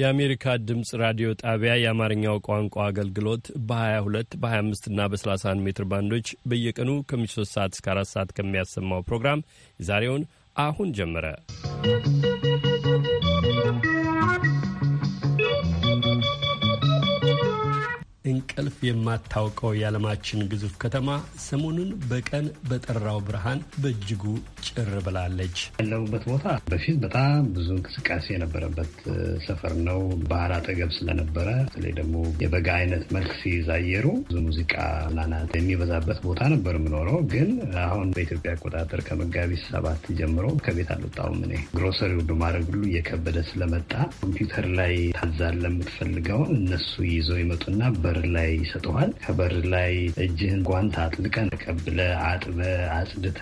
የአሜሪካ ድምፅ ራዲዮ ጣቢያ የአማርኛው ቋንቋ አገልግሎት በ22 በ25 እና በ31 ሜትር ባንዶች በየቀኑ ከ3 ሰዓት እስከ 4 ሰዓት ከሚያሰማው ፕሮግራም ዛሬውን አሁን ጀመረ። እንቅልፍ የማታውቀው የዓለማችን ግዙፍ ከተማ ሰሞኑን በቀን በጠራው ብርሃን በእጅጉ ጭር ብላለች። ያለሁበት ቦታ በፊት በጣም ብዙ እንቅስቃሴ የነበረበት ሰፈር ነው። ባህር አጠገብ ስለነበረ በተለይ ደግሞ የበጋ አይነት መልክ ሲይዝ አየሩ ብዙ ሙዚቃ ናናት የሚበዛበት ቦታ ነበር የምኖረው። ግን አሁን በኢትዮጵያ አቆጣጠር ከመጋቢት ሰባት ጀምሮ ከቤት አልወጣሁም። እኔ ግሮሰሪ ሁሉ ማድረግ ሁሉ እየከበደ ስለመጣ ኮምፒውተር ላይ ታዛለ የምትፈልገውን እነሱ ይዘው ይመጡና በር ላይ ላይ ይሰጠዋል። ከበር ላይ እጅህን ጓንት አጥልቀን ተቀብለ አጥበ አጽድተ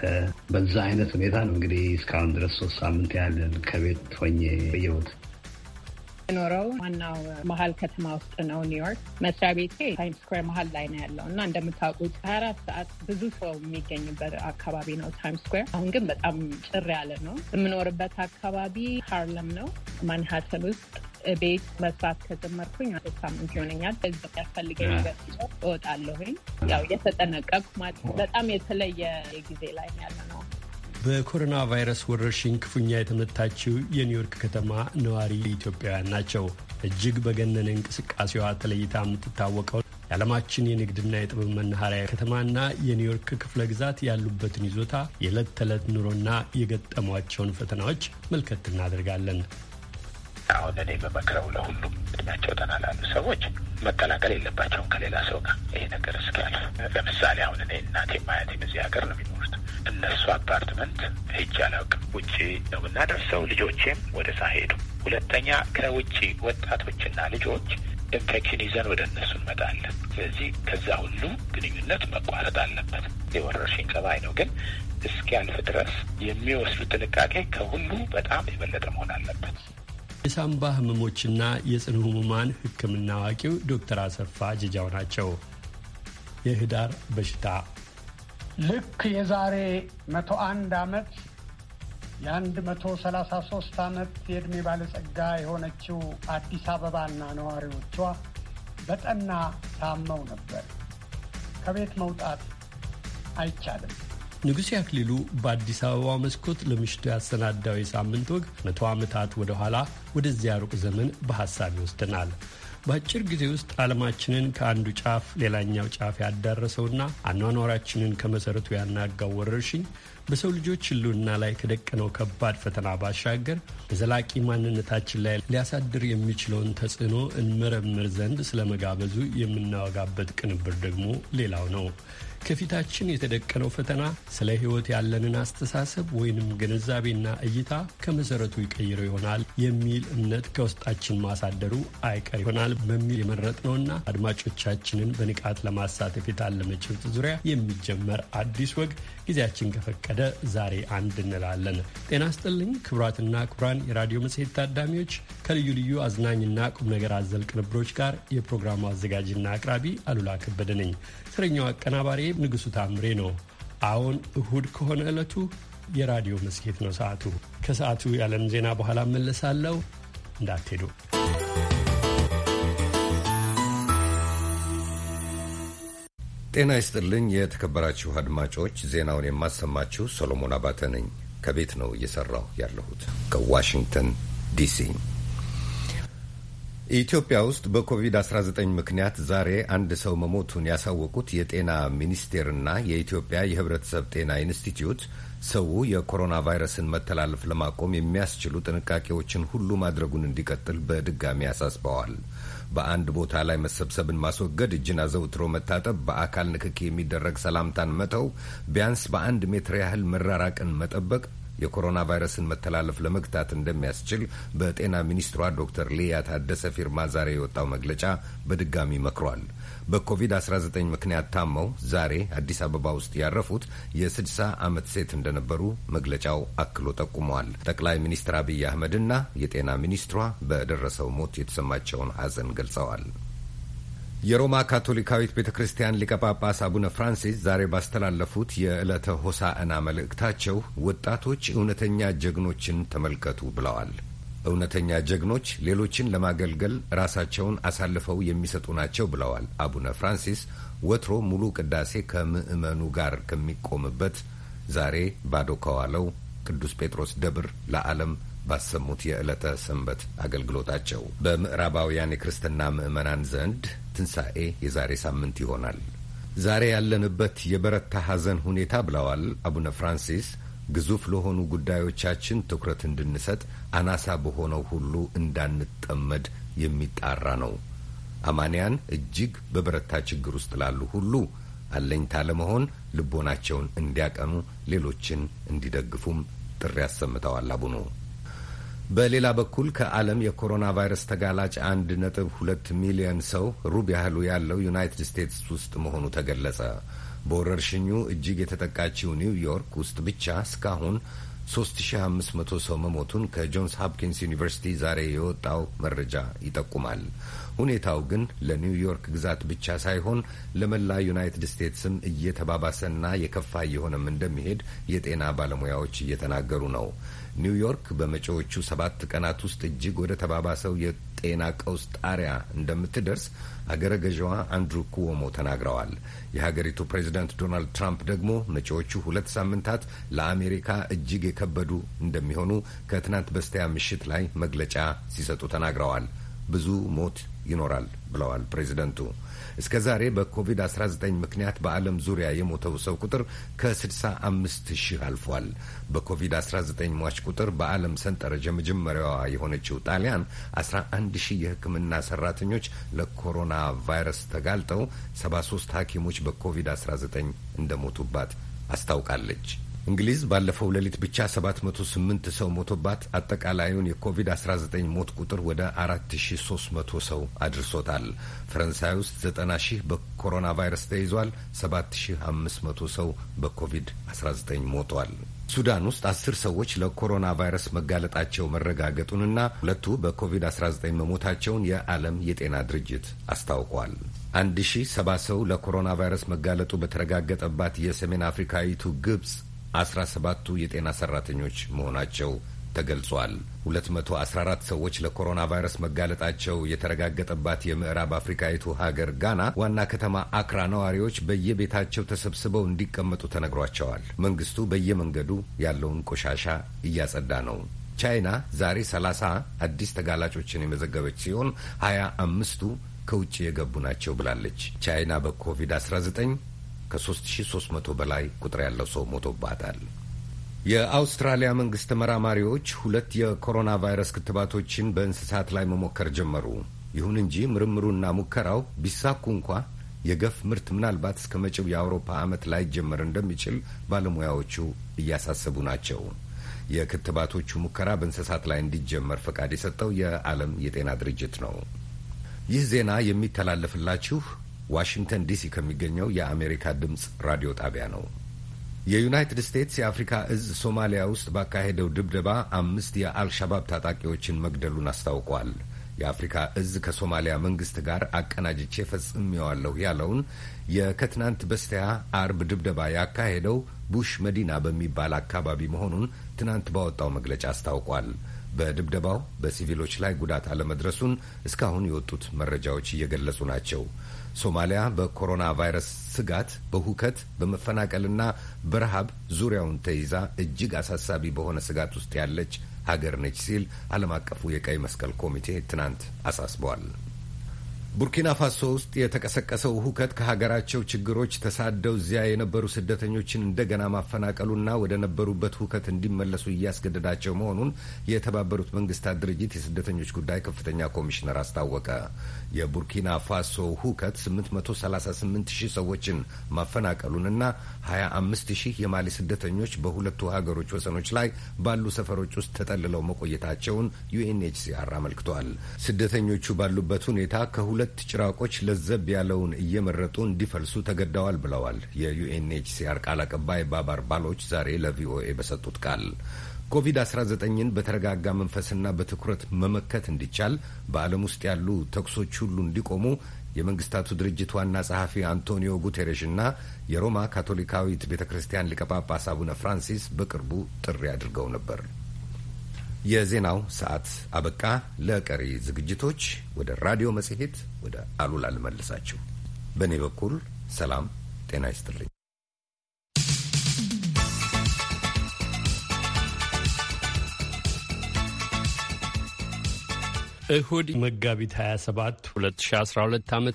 በዛ አይነት ሁኔታ ነው እንግዲህ እስካሁን ድረስ ሶስት ሳምንት ያለን ከቤት ሆኜ የውት የኖረው ዋናው መሀል ከተማ ውስጥ ነው ኒውዮርክ። መስሪያ ቤቴ ታይም ስኩዌር መሀል ላይ ነው ያለው እና እንደምታውቁት ሀያ አራት ሰዓት ብዙ ሰው የሚገኝበት አካባቢ ነው ታይም ስኩዌር። አሁን ግን በጣም ጭር ያለ ነው። የምኖርበት አካባቢ ሃርለም ነው ማንሃተን ውስጥ ቤት መስራት ከጀመርኩኝ አንድ ሳምንት ይሆነኛል። ከዚያ የሚያስፈልገኝ ነገር እወጣለሁኝ። ያው የተጠነቀቅኩ ማለት በጣም የተለየ ጊዜ ላይ ያለ ነው። በኮሮና ቫይረስ ወረርሽኝ ክፉኛ የተመታችው የኒውዮርክ ከተማ ነዋሪ ኢትዮጵያውያን ናቸው። እጅግ በገነነ እንቅስቃሴዋ ተለይታ የምትታወቀው የዓለማችን የንግድና የጥበብ መናኸሪያ ከተማና የኒውዮርክ ክፍለ ግዛት ያሉበትን ይዞታ፣ የዕለት ተዕለት ኑሮና የገጠሟቸውን ፈተናዎች መልከት እናደርጋለን። አሁን እኔ የምመክረው ለሁሉም እድሜያቸው ጠና ላሉ ሰዎች መቀላቀል የለባቸውም ከሌላ ሰው ጋር ይሄ ነገር እስኪያልፍ። ለምሳሌ አሁን እኔ እናቴ አያቴም እዚህ ሀገር ነው የሚኖሩት። እነሱ አፓርትመንት ሄጄ አላውቅም። ውጭ ነው የምናደርሰው። ልጆቼም ወደዛ ሄዱ። ሁለተኛ ከውጭ ወጣቶችና ልጆች ኢንፌክሽን ይዘን ወደ እነሱ እንመጣለን። ስለዚህ ከዛ ሁሉ ግንኙነት መቋረጥ አለበት። የወረርሽኝ ጸባይ ነው ግን እስኪያልፍ ድረስ የሚወስዱ ጥንቃቄ ከሁሉ በጣም የበለጠ መሆን አለበት። የሳምባ ህመሞችና የጽኑ ህሙማን ህክምና አዋቂው ዶክተር አሰፋ ጅጃው ናቸው። የህዳር በሽታ ልክ የዛሬ 101 ዓመት የ133 ዓመት የዕድሜ ባለጸጋ የሆነችው አዲስ አበባና ነዋሪዎቿ በጠና ታመው ነበር። ከቤት መውጣት አይቻልም። ንጉሴ አክሊሉ በአዲስ አበባ መስኮት ለምሽቱ ያሰናዳው የሳምንት ወግ መቶ ዓመታት ወደ ኋላ ወደዚያ ሩቅ ዘመን በሐሳብ ይወስደናል። በአጭር ጊዜ ውስጥ ዓለማችንን ከአንዱ ጫፍ ሌላኛው ጫፍ ያዳረሰውና አኗኗራችንን ከመሠረቱ ያናጋው ወረርሽኝ በሰው ልጆች ሕልውና ላይ ከደቀነው ከባድ ፈተና ባሻገር በዘላቂ ማንነታችን ላይ ሊያሳድር የሚችለውን ተጽዕኖ እንመረምር ዘንድ ስለመጋበዙ የምናወጋበት ቅንብር ደግሞ ሌላው ነው። ከፊታችን የተደቀነው ፈተና ስለ ሕይወት ያለንን አስተሳሰብ ወይንም ግንዛቤና እይታ ከመሠረቱ ይቀይረው ይሆናል የሚል እምነት ከውስጣችን ማሳደሩ አይቀር ይሆናል በሚል የመረጥነውና አድማጮቻችንን በንቃት ለማሳተፍ የታለመ ጭብጥ ዙሪያ የሚጀመር አዲስ ወግ ጊዜያችን ከፈቀደ ዛሬ አንድ እንላለን። ጤና ስጥልኝ ክቡራትና ክቡራን የራዲዮ መጽሔት ታዳሚዎች ከልዩ ልዩ አዝናኝና ቁም ነገር አዘል ቅንብሮች ጋር የፕሮግራሙ አዘጋጅና አቅራቢ አሉላ ከበደ ነኝ። ተረኛው አቀናባሪ ንጉሱ ታምሬ ነው። አሁን እሁድ ከሆነ ዕለቱ የራዲዮ መስኬት ነው። ሰዓቱ ከሰዓቱ የዓለም ዜና በኋላ መለሳለሁ፣ እንዳትሄዱ። ጤና ይስጥልኝ የተከበራችሁ አድማጮች፣ ዜናውን የማሰማችሁ ሰሎሞን አባተ ነኝ። ከቤት ነው እየሰራሁ ያለሁት ከዋሽንግተን ዲሲ ኢትዮጵያ ውስጥ በኮቪድ-19 ምክንያት ዛሬ አንድ ሰው መሞቱን ያሳወቁት የጤና ሚኒስቴርና የኢትዮጵያ የሕብረተሰብ ጤና ኢንስቲትዩት ሰው የኮሮና ቫይረስን መተላለፍ ለማቆም የሚያስችሉ ጥንቃቄዎችን ሁሉ ማድረጉን እንዲቀጥል በድጋሚ አሳስበዋል። በአንድ ቦታ ላይ መሰብሰብን ማስወገድ፣ እጅን አዘውትሮ መታጠብ፣ በአካል ንክኪ የሚደረግ ሰላምታን መተው፣ ቢያንስ በአንድ ሜትር ያህል መራራቅን መጠበቅ የኮሮና ቫይረስን መተላለፍ ለመግታት እንደሚያስችል በጤና ሚኒስትሯ ዶክተር ሊያ ታደሰ ፊርማ ዛሬ የወጣው መግለጫ በድጋሚ መክሯል። በኮቪድ-19 ምክንያት ታመው ዛሬ አዲስ አበባ ውስጥ ያረፉት የ60 ዓመት ሴት እንደነበሩ መግለጫው አክሎ ጠቁመዋል። ጠቅላይ ሚኒስትር አብይ አህመድና የጤና ሚኒስትሯ በደረሰው ሞት የተሰማቸውን ሐዘን ገልጸዋል። የሮማ ካቶሊካዊት ቤተ ክርስቲያን ሊቀ ጳጳስ አቡነ ፍራንሲስ ዛሬ ባስተላለፉት የዕለተ ሆሳዕና መልእክታቸው ወጣቶች እውነተኛ ጀግኖችን ተመልከቱ ብለዋል። እውነተኛ ጀግኖች ሌሎችን ለማገልገል ራሳቸውን አሳልፈው የሚሰጡ ናቸው ብለዋል አቡነ ፍራንሲስ። ወትሮ ሙሉ ቅዳሴ ከምዕመኑ ጋር ከሚቆምበት ዛሬ ባዶ ከዋለው ቅዱስ ጴጥሮስ ደብር ለዓለም ባሰሙት የዕለተ ሰንበት አገልግሎታቸው በምዕራባውያን የክርስትና ምዕመናን ዘንድ ትንሣኤ የዛሬ ሳምንት ይሆናል። ዛሬ ያለንበት የበረታ ሐዘን ሁኔታ ብለዋል አቡነ ፍራንሲስ ግዙፍ ለሆኑ ጉዳዮቻችን ትኩረት እንድንሰጥ አናሳ በሆነው ሁሉ እንዳንጠመድ የሚጣራ ነው። አማንያን እጅግ በበረታ ችግር ውስጥ ላሉ ሁሉ አለኝታ ለመሆን ልቦናቸውን እንዲያቀኑ፣ ሌሎችን እንዲደግፉም ጥሪ አሰምተዋል አቡኑ በሌላ በኩል ከዓለም የኮሮና ቫይረስ ተጋላጭ አንድ ነጥብ ሁለት ሚሊዮን ሰው ሩብ ያህሉ ያለው ዩናይትድ ስቴትስ ውስጥ መሆኑ ተገለጸ። በወረርሽኙ እጅግ የተጠቃችው ኒውዮርክ ውስጥ ብቻ እስካሁን 3500 ሰው መሞቱን ከጆንስ ሆፕኪንስ ዩኒቨርሲቲ ዛሬ የወጣው መረጃ ይጠቁማል። ሁኔታው ግን ለኒውዮርክ ግዛት ብቻ ሳይሆን ለመላ ዩናይትድ ስቴትስም እየተባባሰና የከፋ እየሆነም እንደሚሄድ የጤና ባለሙያዎች እየተናገሩ ነው። ኒውዮርክ በመጪዎቹ ሰባት ቀናት ውስጥ እጅግ ወደ ተባባሰው የጤና ቀውስ ጣሪያ እንደምትደርስ አገረ ገዥዋ አንድሩ ኩዎሞ ተናግረዋል። የሀገሪቱ ፕሬዚዳንት ዶናልድ ትራምፕ ደግሞ መጪዎቹ ሁለት ሳምንታት ለአሜሪካ እጅግ የከበዱ እንደሚሆኑ ከትናንት በስቲያ ምሽት ላይ መግለጫ ሲሰጡ ተናግረዋል። ብዙ ሞት ይኖራል ብለዋል ፕሬዚደንቱ። እስከ ዛሬ በኮቪድ-19 ምክንያት በዓለም ዙሪያ የሞተው ሰው ቁጥር ከ65 ሺህ አልፏል። በኮቪድ-19 ሟች ቁጥር በዓለም ሰንጠረዥ የመጀመሪያዋ የሆነችው ጣሊያን 11 ሺህ የሕክምና ሰራተኞች ለኮሮና ቫይረስ ተጋልጠው 73 ሐኪሞች በኮቪድ-19 እንደሞቱባት አስታውቃለች። እንግሊዝ ባለፈው ሌሊት ብቻ 708 ሰው ሞቶባት አጠቃላዩን የኮቪድ-19 ሞት ቁጥር ወደ 4300 ሰው አድርሶታል። ፈረንሳይ ውስጥ 90 ሺህ በኮሮና ቫይረስ ተይዟል። 7500 ሰው በኮቪድ-19 ሞቷል። ሱዳን ውስጥ አስር ሰዎች ለኮሮና ቫይረስ መጋለጣቸው መረጋገጡንና ሁለቱ በኮቪድ-19 መሞታቸውን የዓለም የጤና ድርጅት አስታውቋል። አንድ ሺ ሰባ ሰው ለኮሮና ቫይረስ መጋለጡ በተረጋገጠባት የሰሜን አፍሪካዊቱ ግብጽ አስራ ሰባቱ የጤና ሰራተኞች መሆናቸው ተገልጿል። 214 ሰዎች ለኮሮና ቫይረስ መጋለጣቸው የተረጋገጠባት የምዕራብ አፍሪካዊቱ ሀገር ጋና ዋና ከተማ አክራ ነዋሪዎች በየቤታቸው ተሰብስበው እንዲቀመጡ ተነግሯቸዋል። መንግስቱ በየመንገዱ ያለውን ቆሻሻ እያጸዳ ነው። ቻይና ዛሬ 30 አዲስ ተጋላጮችን የመዘገበች ሲሆን ሀያ አምስቱ ከውጭ የገቡ ናቸው ብላለች። ቻይና በኮቪድ-19 ከ3300 በላይ ቁጥር ያለው ሰው ሞቶባታል። የአውስትራሊያ መንግሥት ተመራማሪዎች ሁለት የኮሮና ቫይረስ ክትባቶችን በእንስሳት ላይ መሞከር ጀመሩ። ይሁን እንጂ ምርምሩና ሙከራው ቢሳኩ እንኳ የገፍ ምርት ምናልባት እስከ መጪው የአውሮፓ ዓመት ላይጀመር እንደሚችል ባለሙያዎቹ እያሳሰቡ ናቸው። የክትባቶቹ ሙከራ በእንስሳት ላይ እንዲጀመር ፈቃድ የሰጠው የዓለም የጤና ድርጅት ነው። ይህ ዜና የሚተላለፍላችሁ ዋሽንግተን ዲሲ ከሚገኘው የአሜሪካ ድምፅ ራዲዮ ጣቢያ ነው። የዩናይትድ ስቴትስ የአፍሪካ እዝ ሶማሊያ ውስጥ ባካሄደው ድብደባ አምስት የአልሻባብ ታጣቂዎችን መግደሉን አስታውቋል። የአፍሪካ እዝ ከሶማሊያ መንግስት ጋር አቀናጅቼ ፈጽሜዋለሁ ያለውን የከትናንት በስቲያ አርብ ድብደባ ያካሄደው ቡሽ መዲና በሚባል አካባቢ መሆኑን ትናንት ባወጣው መግለጫ አስታውቋል። በድብደባው በሲቪሎች ላይ ጉዳት አለመድረሱን እስካሁን የወጡት መረጃዎች እየገለጹ ናቸው። ሶማሊያ በኮሮና ቫይረስ ስጋት በሁከት በመፈናቀልና በረሃብ ዙሪያውን ተይዛ እጅግ አሳሳቢ በሆነ ስጋት ውስጥ ያለች ሀገር ነች ሲል ዓለም አቀፉ የቀይ መስቀል ኮሚቴ ትናንት አሳስበዋል። ቡርኪና ፋሶ ውስጥ የተቀሰቀሰው ሁከት ከሀገራቸው ችግሮች ተሳደው እዚያ የነበሩ ስደተኞችን እንደገና ማፈናቀሉና ወደ ነበሩበት ሁከት እንዲመለሱ እያስገደዳቸው መሆኑን የተባበሩት መንግስታት ድርጅት የስደተኞች ጉዳይ ከፍተኛ ኮሚሽነር አስታወቀ። የቡርኪና ፋሶ ሁከት 838 ሺህ ሰዎችን ማፈናቀሉንና 25 ሺህ የማሊ ስደተኞች በሁለቱ ሀገሮች ወሰኖች ላይ ባሉ ሰፈሮች ውስጥ ተጠልለው መቆየታቸውን ዩኤንኤችሲአር አመልክቷል። ስደተኞቹ ባሉበት ሁኔታ ከሁለ ሁለት ጭራቆች ለዘብ ያለውን እየመረጡ እንዲፈልሱ ተገደዋል ብለዋል የዩኤንኤችሲአር ቃል አቀባይ ባባር ባሎች ዛሬ ለቪኦኤ በሰጡት ቃል። ኮቪድ-19ን በተረጋጋ መንፈስና በትኩረት መመከት እንዲቻል በዓለም ውስጥ ያሉ ተኩሶች ሁሉ እንዲቆሙ የመንግስታቱ ድርጅት ዋና ጸሐፊ አንቶኒዮ ጉቴሬሽ እና የሮማ ካቶሊካዊት ቤተ ክርስቲያን ሊቀ ጳጳስ አቡነ ፍራንሲስ በቅርቡ ጥሪ አድርገው ነበር። የዜናው ሰዓት አበቃ። ለቀሪ ዝግጅቶች ወደ ራዲዮ መጽሔት ወደ አሉላ ልመልሳችሁ። በእኔ በኩል ሰላም ጤና ይስጥልኝ። እሁድ መጋቢት 27 2012 ዓ ም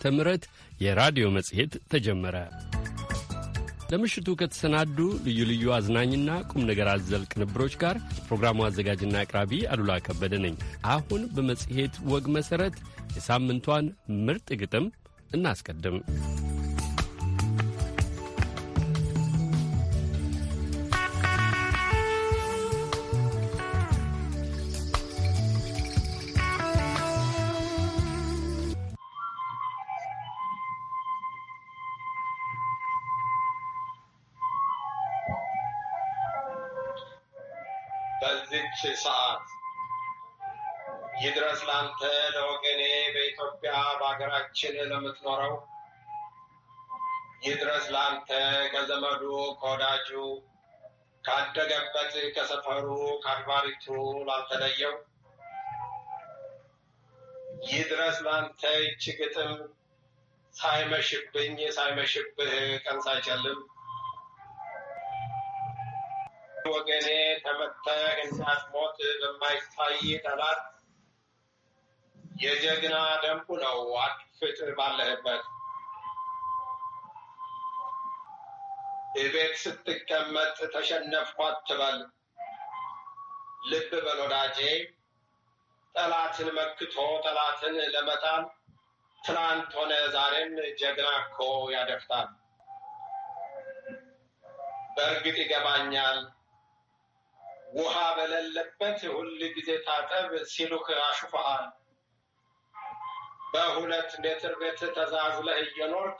የራዲዮ መጽሔት ተጀመረ። ለምሽቱ ከተሰናዱ ልዩ ልዩ አዝናኝና ቁም ነገር አዘል ቅንብሮች ጋር የፕሮግራሙ አዘጋጅና አቅራቢ አሉላ ከበደ ነኝ። አሁን በመጽሔት ወግ መሠረት የሳምንቷን ምርጥ ግጥም እናስቀድም። ለአንተ ለወገኔ በኢትዮጵያ በሀገራችን ለምትኖረው ይድረስ ለአንተ ከዘመዱ ከወዳጁ ካደገበት ከሰፈሩ ከአድባሪቱ ላልተለየው ይድረስ ለአንተ ይች ግጥም ሳይመሽብኝ ሳይመሽብህ ቀን ሳይጨልም ወገኔ ተመተህ ሞት በማይታይ ጠላት የጀግና ደንቡ ነው። አድፍጥ ባለህበት እቤት ስትቀመጥ ተሸነፍኩ አትበል። ልብ በሎዳጄ ጠላትን መክቶ ጠላትን ለመጣል ትናንት ሆነ ዛሬም ጀግና እኮ ያደፍታል። በእርግጥ ይገባኛል ውሃ በሌለበት ሁል ጊዜ ታጠብ ሲሉክ አሹፈሃል። በሁለት ሜትር ቤት ተዛዝለህ እየኖርክ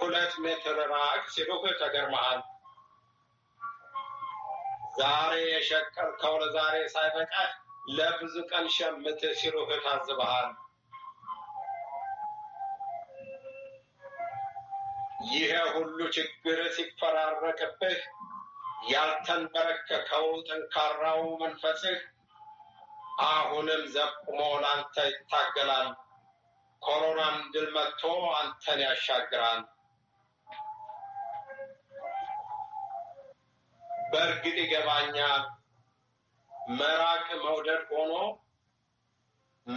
ሁለት ሜትር ራቅ ሲሉህ ተገርመሃል። ዛሬ የሸቀልከው ለዛሬ ሳይበቃህ ለብዙ ቀን ሸምት ሲሉህ ታዝበሃል። ይሄ ሁሉ ችግር ሲፈራረቅብህ ያልተንበረከከው ጠንካራው መንፈስህ አሁንም ዘቁሞ ላንተ ይታገላል። ኮሮናም ድል መጥቶ አንተን ያሻግራል። በእርግጥ ይገባኛል መራቅ መውደድ ሆኖ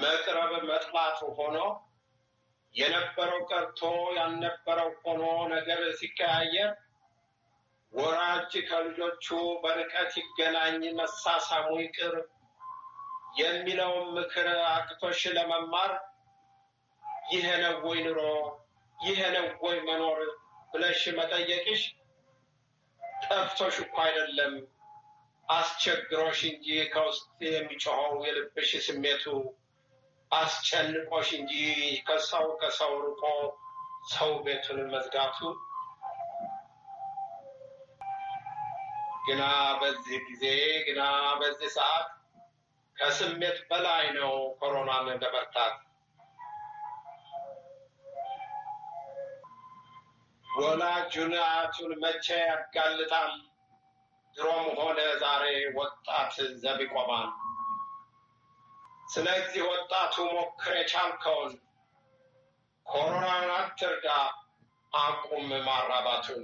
መቅረብ መጥላቱ ሆኖ የነበረው ቀርቶ ያልነበረው ሆኖ ነገር ሲቀያየር ወራጅ ከልጆቹ በርቀት ይገናኝ መሳሳሙ ይቅር የሚለውን ምክር አቅቶሽ ለመማር ይሄ ነው ወይ ኑሮ፣ ይሄ ነው ወይ መኖር ብለሽ መጠየቅሽ ጠፍቶሽ እኮ አይደለም አስቸግሮሽ እንጂ ከውስጥ የሚጮኸው የልብሽ ስሜቱ አስጨንቆሽ እንጂ ከሰው ከሰው ርቆ ሰው ቤቱን መዝጋቱ ግና በዚህ ጊዜ ግና በዚህ ሰዓት ከስሜት በላይ ነው ኮሮናን ለመርታት። ወላጁን ናቱን መቼ ያጋልጣል? ድሮም ሆነ ዛሬ ወጣት ዘብ ይቆማል። ስለዚህ ወጣቱ ሞክር የቻልከውን ኮሮናን አትርዳ፣ አቁም ማራባቱን።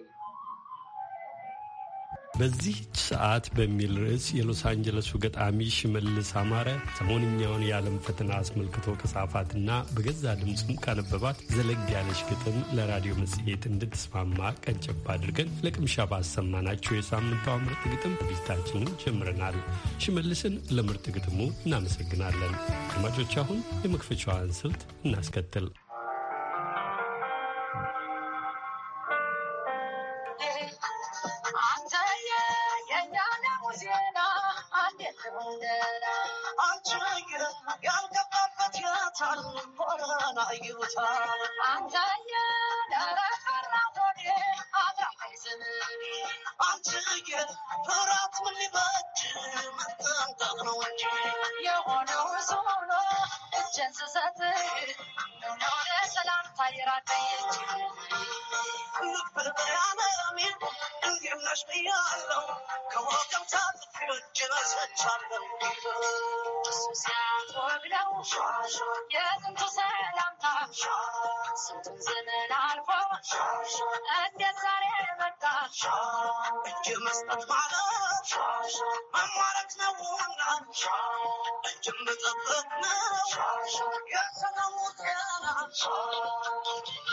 በዚህች ሰዓት በሚል ርዕስ የሎስ አንጀለሱ ገጣሚ ሽመልስ አማረ ሰሞንኛውን የዓለም ፈተና አስመልክቶ ከጻፋትና በገዛ ድምፁም ካነበባት ዘለግ ያለች ግጥም ለራዲዮ መጽሔት እንድትስማማ ቀንጨባ አድርገን ለቅምሻ ባሰማናቸው የሳምንቱ ምርጥ ግጥም ዝግጅታችንን ጀምረናል። ሽመልስን ለምርጥ ግጥሙ እናመሰግናለን። አድማጮች፣ አሁን የመክፈቻዋን ስልት እናስከትል። ይወታል ኮረና ይወታል አንተየ ለራራሆኔ አድራይዝምኔ አንቺዬ ፍራት ምን መጠንቀቅ ነው እንጂ የሆነው ሶሎ እጀን ስሰት ወደ ሰላምታ የራቀየች ልብ ያለሚን ሁላሽ ብያለው ከዋጋም ታጥፊዎች ረሰቻለን ብለው የጥንቱ ሰላምታ ስንቱን ዘመን አልፎ እንዴት ዛሬ መጣ እጅ መስጠት ማለት መማረክ ነውና እጅ መጠበቅ ነው የሰላሙ ጤና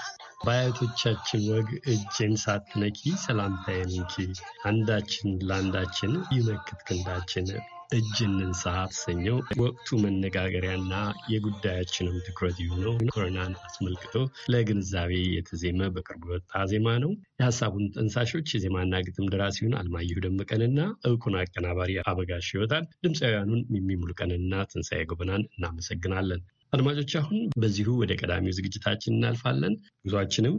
በአያቶቻችን ወግ እጅን ሳትነኪ ሰላምታ እንኪ፣ አንዳችን ለአንዳችን ይመክት ክንዳችን እጅ እንንሳ ተሰኘው ወቅቱ መነጋገሪያና የጉዳያችንም ትኩረት የሆነው ኮሮናን አስመልክቶ ለግንዛቤ የተዜመ በቅርቡ የወጣ ዜማ ነው። የሀሳቡን ጠንሳሾች የዜማና ግጥም ደራሲውን አልማየሁ ደመቀንና እውቁን አቀናባሪ አበጋሽ ይወጣል ድምፃውያኑን ሚሚ ሙሉቀንና ትንሣኤ ጎበናን እናመሰግናለን። አድማጮች አሁን በዚሁ ወደ ቀዳሚው ዝግጅታችን እናልፋለን። ጉዟችንም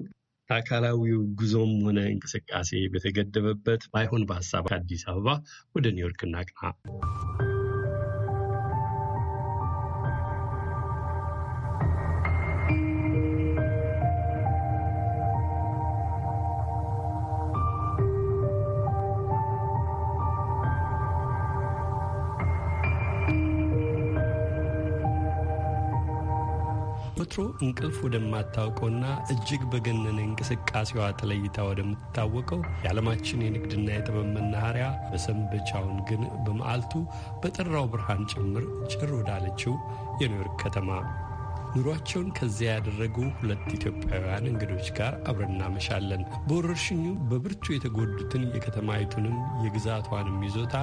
ከአካላዊው ጉዞም ሆነ እንቅስቃሴ በተገደበበት ባይሆን በሀሳብ ከአዲስ አበባ ወደ ኒውዮርክ እናቅና። ወትሮ እንቅልፍ ወደማታውቀውና እጅግ በገነነ እንቅስቃሴዋ ተለይታ ወደምትታወቀው የዓለማችን የንግድና የጥበብ መናኸሪያ በሰንበቻውን ግን በመዓልቱ በጠራው ብርሃን ጭምር ጭር ወዳለችው የኒውዮርክ ከተማ ኑሯቸውን ከዚያ ያደረጉ ሁለት ኢትዮጵያውያን እንግዶች ጋር አብረን እናመሻለን። በወረርሽኙ በብርቱ የተጎዱትን የከተማይቱንም የግዛቷንም ይዞታ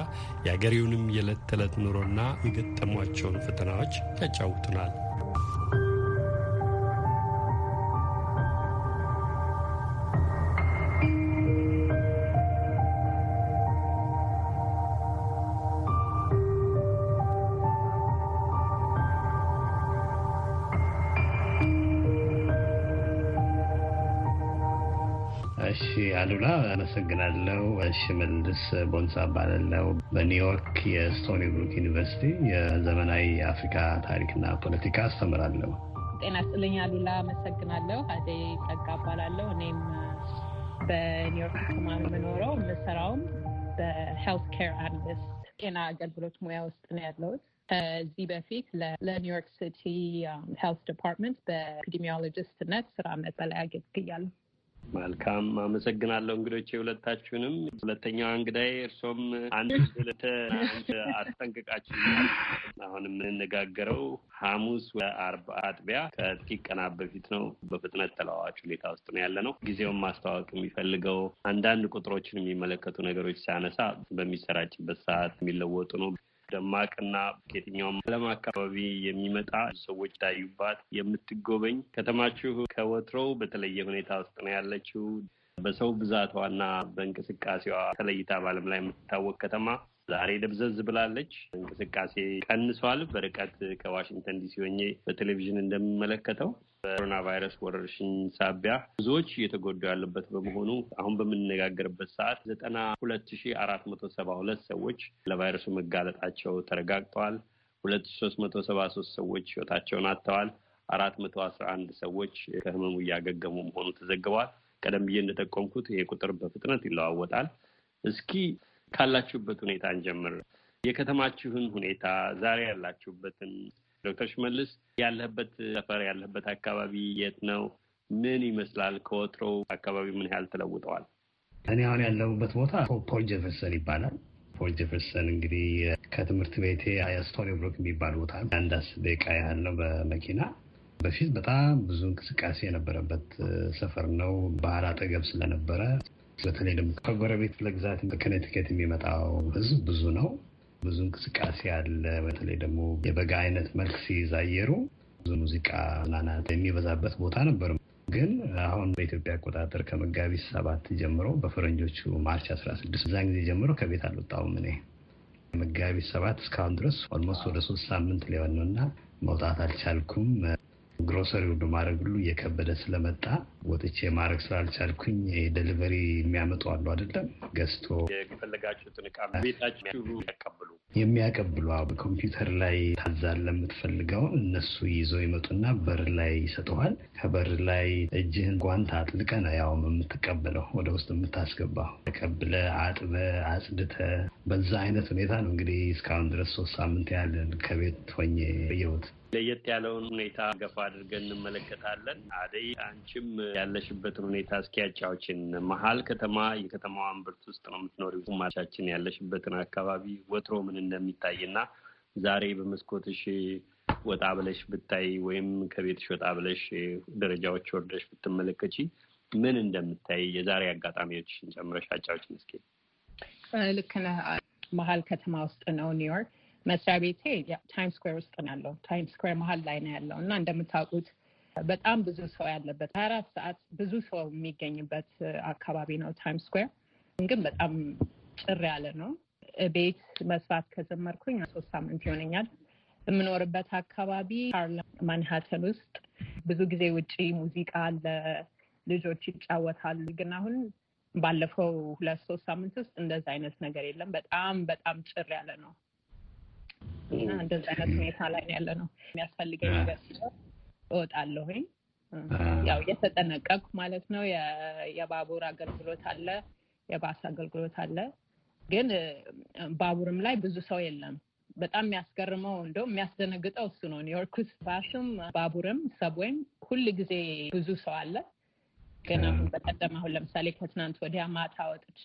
የአገሬውንም የዕለት ተዕለት ኑሮና የገጠሟቸውን ፈተናዎች ያጫውቱናል። አመሰግናለሁ። ሽመልስ ቦንሳ እባላለሁ። በኒውዮርክ የስቶኒ ብሩክ ዩኒቨርሲቲ የዘመናዊ የአፍሪካ ታሪክና ፖለቲካ አስተምራለሁ። ጤና ስጥልኛ አሉላ። አመሰግናለሁ። አዴ ጸጋ እባላለሁ። እኔም በኒውዮርክ ከተማ የምኖረው። የምሰራውም በሄልት ኬር አናሊስት ጤና አገልግሎት ሙያ ውስጥ ነው ያለሁት። ከዚህ በፊት ለኒውዮርክ ሲቲ ሄልት ዲፓርትመንት በኤፒዲሚዮሎጂስትነት ስራ መጠለያ አገልግያለሁ። መልካም አመሰግናለሁ እንግዶች የሁለታችሁንም። ሁለተኛዋ እንግዳይ እርሶም አንድ ስልተ አስጠንቅቃችሁ አሁን የምንነጋገረው ሐሙስ አርብ አጥቢያ ከጥቂት ቀናት በፊት ነው። በፍጥነት ተለዋዋጭ ሁኔታ ውስጥ ነው ያለ ነው። ጊዜውን ማስተዋወቅ የሚፈልገው አንዳንድ ቁጥሮችን የሚመለከቱ ነገሮች ሲያነሳ በሚሰራጭበት ሰዓት የሚለወጡ ነው። ደማቅና ከየትኛውም ዓለም አካባቢ የሚመጣ ሰዎች ታዩባት የምትጎበኝ ከተማችሁ ከወትሮው በተለየ ሁኔታ ውስጥ ነው ያለችው። በሰው ብዛቷና በእንቅስቃሴዋ ተለይታ በዓለም ላይ የምትታወቅ ከተማ ዛሬ ደብዘዝ ብላለች። እንቅስቃሴ ቀንሷል። በርቀት ከዋሽንግተን ዲሲ ሆኜ በቴሌቪዥን እንደምመለከተው በኮሮና ቫይረስ ወረርሽኝ ሳቢያ ብዙዎች እየተጎዱ ያለበት በመሆኑ አሁን በምንነጋገርበት ሰዓት ዘጠና ሁለት ሺ አራት መቶ ሰባ ሁለት ሰዎች ለቫይረሱ መጋለጣቸው ተረጋግጠዋል። ሁለት ሺ ሶስት መቶ ሰባ ሶስት ሰዎች ህይወታቸውን አጥተዋል። አራት መቶ አስራ አንድ ሰዎች ከህመሙ እያገገሙ መሆኑ ተዘግበዋል። ቀደም ብዬ እንደጠቆምኩት ይሄ ቁጥር በፍጥነት ይለዋወጣል። እስኪ ካላችሁበት ሁኔታ እንጀምር። የከተማችሁን ሁኔታ ዛሬ ያላችሁበትን ዶክተር ሽመልስ ያለህበት ሰፈር ያለህበት አካባቢ የት ነው? ምን ይመስላል? ከወትሮው አካባቢ ምን ያህል ተለውጠዋል? እኔ አሁን ያለሁበት ቦታ ፖል ጀፈርሰን ይባላል። ፖል ጀፈርሰን እንግዲህ ከትምህርት ቤቴ ስቶኒ ብሮክ የሚባል ቦታ አንድ አስር ደቂቃ ያህል ነው በመኪና በፊት በጣም ብዙ እንቅስቃሴ የነበረበት ሰፈር ነው። ባህር አጠገብ ስለነበረ በተለይ ደግሞ ከጎረቤት ለግዛት ግዛት የሚመጣው ህዝብ ብዙ ነው። ብዙ እንቅስቃሴ አለ። በተለይ ደግሞ የበጋ አይነት መልክ ሲይዝ አየሩ ብዙ ሙዚቃ ናናት የሚበዛበት ቦታ ነበር። ግን አሁን በኢትዮጵያ አቆጣጠር ከመጋቢት ሰባት ጀምሮ በፈረንጆቹ ማርች 16 እዛን ጊዜ ጀምሮ ከቤት አልወጣሁም እኔ መጋቢት ሰባት እስካሁን ድረስ ኦልሞስት ወደ ሶስት ሳምንት ሊሆን ነው እና መውጣት አልቻልኩም። ግሮሰሪ ሁሉ ማድረግ ሁሉ እየከበደ ስለመጣ ወጥቼ ማድረግ ስላልቻልኩኝ ደሊቨሪ የሚያመጡ አሉ አይደለም፣ ገዝቶ የፈለጋችሁትን እቃ ቤታችሁ ያቀብሉ የሚያቀብሉ በኮምፒውተር ላይ ታዛን ለምትፈልገው እነሱ ይዘው ይመጡና በር ላይ ይሰጠዋል። ከበር ላይ እጅህን ጓንት አጥልቀ ነው ያው የምትቀበለው ወደ ውስጥ የምታስገባ ተቀብለ አጥበ አጽድተ በዛ አይነት ሁኔታ ነው እንግዲህ እስካሁን ድረስ ሶስት ሳምንት ያለን ከቤት ሆኜ የውት ለየት ያለውን ሁኔታ ገፋ አድርገን እንመለከታለን። አደይ አንቺም ያለሽበትን ሁኔታ እስኪ ያጫዎችን። መሀል ከተማ የከተማዋን ብርት ውስጥ ነው የምትኖሪ ማቻችን ያለሽበትን አካባቢ ወትሮ ምን እንደሚታይና ዛሬ በመስኮትሽ ወጣ ብለሽ ብታይ ወይም ከቤትሽ ወጣ ብለሽ ደረጃዎች ወርደሽ ብትመለከች ምን እንደምታይ የዛሬ አጋጣሚዎችን ጨምረሽ አጫዎችን እስኪ። ልክ መሀል ከተማ ውስጥ ነው ኒውዮርክ። መስሪያ ቤቴ ታይም ስኩዌር ውስጥ ነው ያለው። ታይም ስኩዌር መሀል ላይ ነው ያለው እና እንደምታውቁት በጣም ብዙ ሰው ያለበት ሀያ አራት ሰዓት ብዙ ሰው የሚገኝበት አካባቢ ነው ታይም ስኩዌር። ግን በጣም ጭር ያለ ነው። ቤት መስራት ከጀመርኩኝ ሶስት ሳምንት ይሆነኛል። የምኖርበት አካባቢ ሃርለም ማንሃተን ውስጥ ብዙ ጊዜ ውጪ ሙዚቃ አለ፣ ልጆች ይጫወታሉ። ግን አሁን ባለፈው ሁለት ሶስት ሳምንት ውስጥ እንደዚህ አይነት ነገር የለም። በጣም በጣም ጭር ያለ ነው እንደዚህ አይነት ሁኔታ ላይ ያለ ነው የሚያስፈልገኝ ነገር እወጣለሁኝ። ያው እየተጠነቀቅኩ ማለት ነው። የባቡር አገልግሎት አለ፣ የባስ አገልግሎት አለ። ግን ባቡርም ላይ ብዙ ሰው የለም። በጣም የሚያስገርመው እንደው የሚያስደነግጠው እሱ ነው። ኒውዮርክ ውስጥ ባስም ባቡርም ሰብወይም ሁል ጊዜ ብዙ ሰው አለ። ግን አሁን በቀደም አሁን ለምሳሌ ከትናንት ወዲያ ማታ ወጥቼ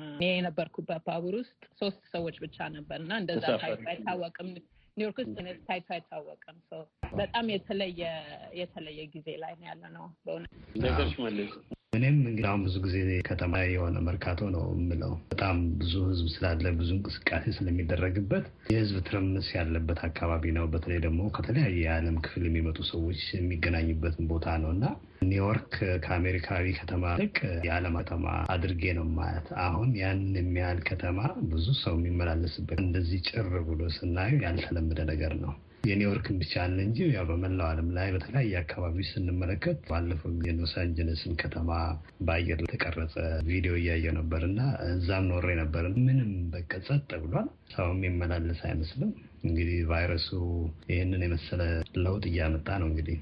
እኔ የነበርኩበት ባቡር ውስጥ ሶስት ሰዎች ብቻ ነበር እና እንደዛ ታይቶ አይታወቅም። ኒውዮርክ ውስጥ ታይቶ አይታወቅም ሰው በጣም የተለየ የተለየ ጊዜ ላይ ነው ያለ ነው በእውነት። እኔም እንግዲህ አሁን ብዙ ጊዜ ከተማ የሆነ መርካቶ ነው የምለው። በጣም ብዙ ህዝብ ስላለ ብዙ እንቅስቃሴ ስለሚደረግበት የህዝብ ትርምስ ያለበት አካባቢ ነው። በተለይ ደግሞ ከተለያየ የዓለም ክፍል የሚመጡ ሰዎች የሚገናኙበትን ቦታ ነው እና ኒውዮርክ ከአሜሪካዊ ከተማ ልቅ የዓለም ከተማ አድርጌ ነው ማለት። አሁን ያን የሚያህል ከተማ ብዙ ሰው የሚመላለስበት እንደዚህ ጭር ብሎ ስናየው ያልተለመደ ነገር ነው። የኒውዮርክን ብቻ አለ እንጂ ያው በመላው ዓለም ላይ በተለያየ አካባቢ ስንመለከት ባለፈው የሎስ አንጀለስን ከተማ በአየር የተቀረጸ ቪዲዮ እያየ ነበር እና እዛም ኖሬ ነበር። ምንም በቃ ጸጥ ብሏል። ሰውም የሚመላለስ አይመስልም። እንግዲህ ቫይረሱ ይህንን የመሰለ ለውጥ እያመጣ ነው እንግዲህ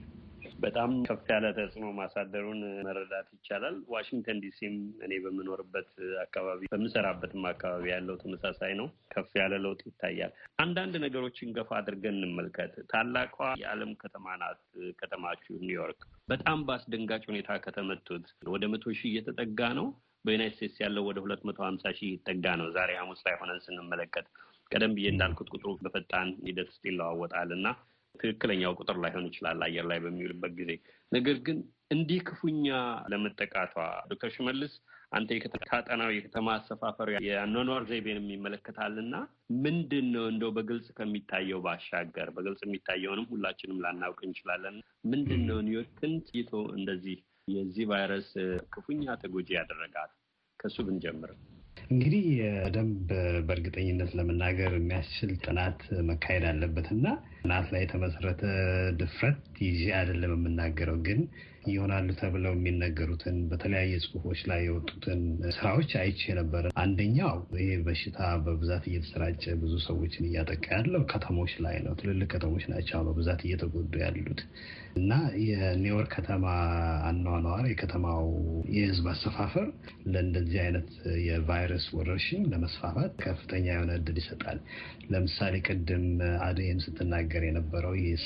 በጣም ከፍ ያለ ተጽዕኖ ማሳደሩን መረዳት ይቻላል። ዋሽንግተን ዲሲም እኔ በምኖርበት አካባቢ በምሰራበትም አካባቢ ያለው ተመሳሳይ ነው። ከፍ ያለ ለውጥ ይታያል። አንዳንድ ነገሮችን ገፋ አድርገን እንመልከት። ታላቋ የዓለም ከተማ ናት ከተማችሁ ኒውዮርክ። በጣም በአስደንጋጭ ሁኔታ ከተመቱት ወደ መቶ ሺህ እየተጠጋ ነው። በዩናይት ስቴትስ ያለው ወደ ሁለት መቶ ሀምሳ ሺህ ይጠጋ ነው። ዛሬ ሐሙስ ላይ ሆነን ስንመለከት ቀደም ብዬ እንዳልኩት ቁጥሩ በፈጣን ሂደት ውስጥ ይለዋወጣል እና ትክክለኛው ቁጥር ላይሆን ይችላል አየር ላይ በሚውልበት ጊዜ። ነገር ግን እንዲህ ክፉኛ ለመጠቃቷ ዶክተር ሽመልስ አንተ ካጠናው የከተማ አሰፋፈር የአኗኗር ዘይቤን ይመለከታልና ምንድን ነው እንደው በግልጽ ከሚታየው ባሻገር በግልጽ የሚታየውንም ሁላችንም ላናውቅ እንችላለን። ምንድን ነው ኒውዮርክን ጥይቶ እንደዚህ የዚህ ቫይረስ ክፉኛ ተጎጂ ያደረጋት? ከሱ ብንጀምር እንግዲህ በደንብ በእርግጠኝነት ለመናገር የሚያስችል ጥናት መካሄድ አለበት እና ናት ላይ የተመሰረተ ድፍረት ይዤ አይደለም የምናገረው፣ ግን ይሆናሉ ተብለው የሚነገሩትን በተለያየ ጽሁፎች ላይ የወጡትን ስራዎች አይቼ ነበረ። አንደኛው ይሄ በሽታ በብዛት እየተሰራጨ ብዙ ሰዎችን እያጠቃ ያለው ከተሞች ላይ ነው። ትልልቅ ከተሞች ናቸው በብዛት እየተጎዱ ያሉት እና የኒውዮርክ ከተማ አኗኗር፣ የከተማው የህዝብ አሰፋፈር ለእንደዚህ አይነት የቫይረስ ወረርሽኝ ለመስፋፋት ከፍተኛ የሆነ እድል ይሰጣል። ለምሳሌ ቅድም አደይም ስትናገር የነበረው ይህ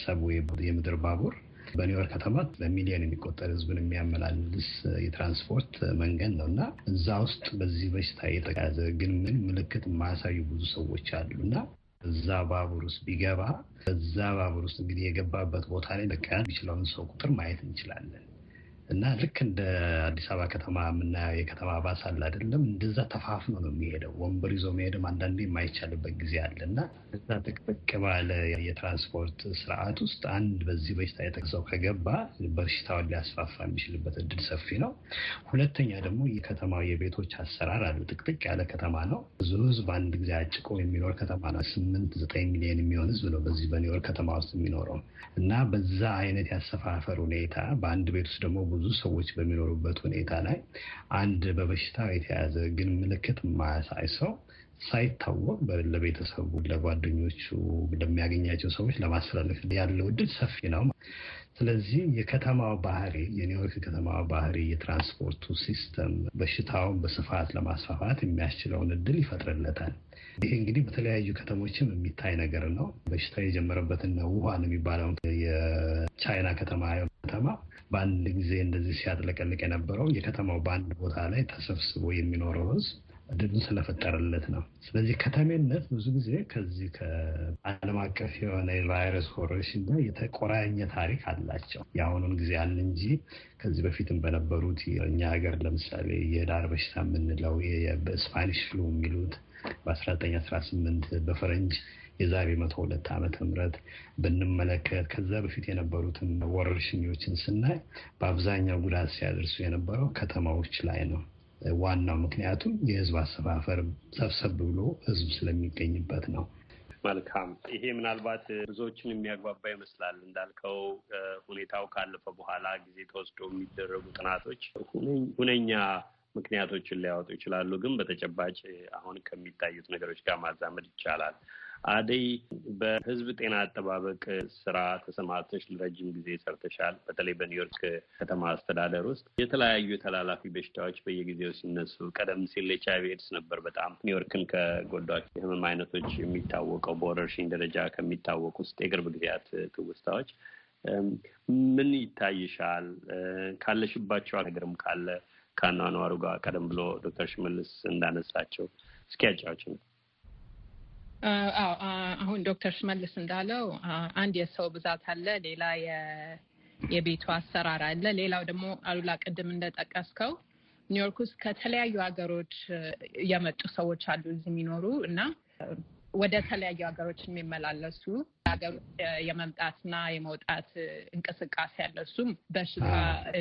የምድር ባቡር በኒውዮርክ ከተማ በሚሊዮን የሚቆጠር ህዝብን የሚያመላልስ የትራንስፖርት መንገድ ነው እና እዛ ውስጥ በዚህ በሽታ የተያዘ ግን ምን ምልክት የማያሳዩ ብዙ ሰዎች አሉ እና እዛ ባቡር ውስጥ ቢገባ እዛ ባቡር ውስጥ እንግዲህ የገባበት ቦታ ላይ ሊለቀን የሚችለውን ሰው ቁጥር ማየት እንችላለን። እና ልክ እንደ አዲስ አበባ ከተማ የምናየው የከተማ ባስ አለ አይደለም? እንደዛ ተፋፍኖ ነው የሚሄደው። ወንበር ይዞ መሄድም አንዳንዴ የማይቻልበት ጊዜ አለ እና እዛ ጥቅጥቅ ባለ የትራንስፖርት ስርዓት ውስጥ አንድ በዚህ በሽታ የተሰው ከገባ በሽታውን ሊያስፋፋ የሚችልበት እድል ሰፊ ነው። ሁለተኛ ደግሞ የከተማው የቤቶች አሰራር አለ። ጥቅጥቅ ያለ ከተማ ነው። ብዙ ህዝብ አንድ ጊዜ አጭቆ የሚኖር ከተማ ነው። ስምንት ዘጠኝ ሚሊዮን የሚሆን ህዝብ ነው በዚህ በኒውዮርክ ከተማ ውስጥ የሚኖረው እና በዛ አይነት ያሰፋፈር ሁኔታ በአንድ ቤት ውስጥ ደግሞ ብዙ ሰዎች በሚኖሩበት ሁኔታ ላይ አንድ በበሽታ የተያዘ ግን ምልክት ማያሳይ ሰው ሳይታወቅ ለቤተሰቡ፣ ለጓደኞቹ፣ ለሚያገኛቸው ሰዎች ለማስተላለፍ ያለው እድል ሰፊ ነው። ስለዚህ የከተማ ባህሪ የኒውዮርክ ከተማ ባህሪ የትራንስፖርቱ ሲስተም በሽታውን በስፋት ለማስፋፋት የሚያስችለውን እድል ይፈጥርለታል። ይሄ እንግዲህ በተለያዩ ከተሞችም የሚታይ ነገር ነው። በሽታ የጀመረበትና ውሃን የሚባለውን የቻይና ከተማ ከተማ በአንድ ጊዜ እንደዚህ ሲያጥለቀልቅ የነበረው የከተማው በአንድ ቦታ ላይ ተሰብስቦ የሚኖረው ህዝብ ድል ስለፈጠረለት ነው። ስለዚህ ከተሜነት ብዙ ጊዜ ከዚህ ከዓለም አቀፍ የሆነ የቫይረስ ወረርሽኝ ጋር የተቆራኘ ታሪክ አላቸው። የአሁኑን ጊዜ አለ እንጂ ከዚህ በፊትም በነበሩት እኛ ሀገር ለምሳሌ የዳር በሽታ የምንለው በስፓኒሽ ፍሉ የሚሉት በ1918 በፈረንጅ የዛሬ መቶ ሁለት ዓመተ ምህረት ብንመለከት ከዛ በፊት የነበሩትን ወረርሽኞችን ስናይ በአብዛኛው ጉዳት ሲያደርሱ የነበረው ከተማዎች ላይ ነው። ዋናው ምክንያቱም የህዝብ አሰፋፈር ሰብሰብ ብሎ ህዝብ ስለሚገኝበት ነው። መልካም። ይሄ ምናልባት ብዙዎችን የሚያግባባ ይመስላል። እንዳልከው ሁኔታው ካለፈ በኋላ ጊዜ ተወስዶ የሚደረጉ ጥናቶች ሁነኛ ምክንያቶችን ሊያወጡ ይችላሉ፣ ግን በተጨባጭ አሁን ከሚታዩት ነገሮች ጋር ማዛመድ ይቻላል። አደይ በህዝብ ጤና አጠባበቅ ስራ ተሰማርተሽ ለረጅም ጊዜ ሰርተሻል። በተለይ በኒውዮርክ ከተማ አስተዳደር ውስጥ የተለያዩ ተላላፊ በሽታዎች በየጊዜው ሲነሱ፣ ቀደም ሲል ኤች አይቪ ኤድስ ነበር በጣም ኒውዮርክን ከጎዷቸው የህመም አይነቶች የሚታወቀው በወረርሽኝ ደረጃ ከሚታወቅ ውስጥ የቅርብ ጊዜያት ትውስታዎች ምን ይታይሻል? ካለሽባቸው ነገርም ካለ ከአኗኗሩ ጋር ቀደም ብሎ ዶክተር ሽመልስ እንዳነሳቸው እስኪ ያጫዎች ነው አሁን ዶክተር ሽመልስ እንዳለው አንድ የሰው ብዛት አለ፣ ሌላ የቤቱ አሰራር አለ፣ ሌላው ደግሞ አሉላ ቅድም እንደጠቀስከው ኒውዮርክ ውስጥ ከተለያዩ ሀገሮች የመጡ ሰዎች አሉ እዚህ የሚኖሩ እና ወደ ተለያዩ ሀገሮች የሚመላለሱ ሀገር የመምጣትና የመውጣት እንቅስቃሴ ያለ በሽታ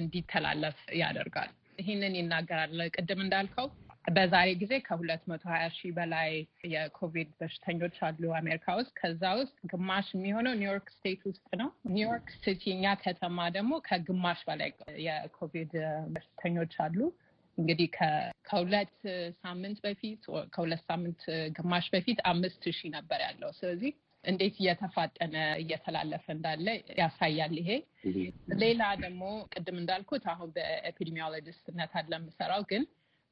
እንዲተላለፍ ያደርጋል። ይህንን ይናገራል። ቅድም እንዳልከው በዛሬ ጊዜ ከሁለት መቶ ሀያ ሺህ በላይ የኮቪድ በሽተኞች አሉ አሜሪካ ውስጥ። ከዛ ውስጥ ግማሽ የሚሆነው ኒውዮርክ ስቴት ውስጥ ነው። ኒውዮርክ ሲቲ እኛ ከተማ ደግሞ ከግማሽ በላይ የኮቪድ በሽተኞች አሉ። እንግዲህ ከሁለት ሳምንት በፊት ከሁለት ሳምንት ግማሽ በፊት አምስት ሺህ ነበር ያለው። ስለዚህ እንዴት እየተፋጠነ እየተላለፈ እንዳለ ያሳያል። ይሄ ሌላ ደግሞ ቅድም እንዳልኩት አሁን በኤፒዲሚዮሎጂስትነት አለ የምሰራው ግን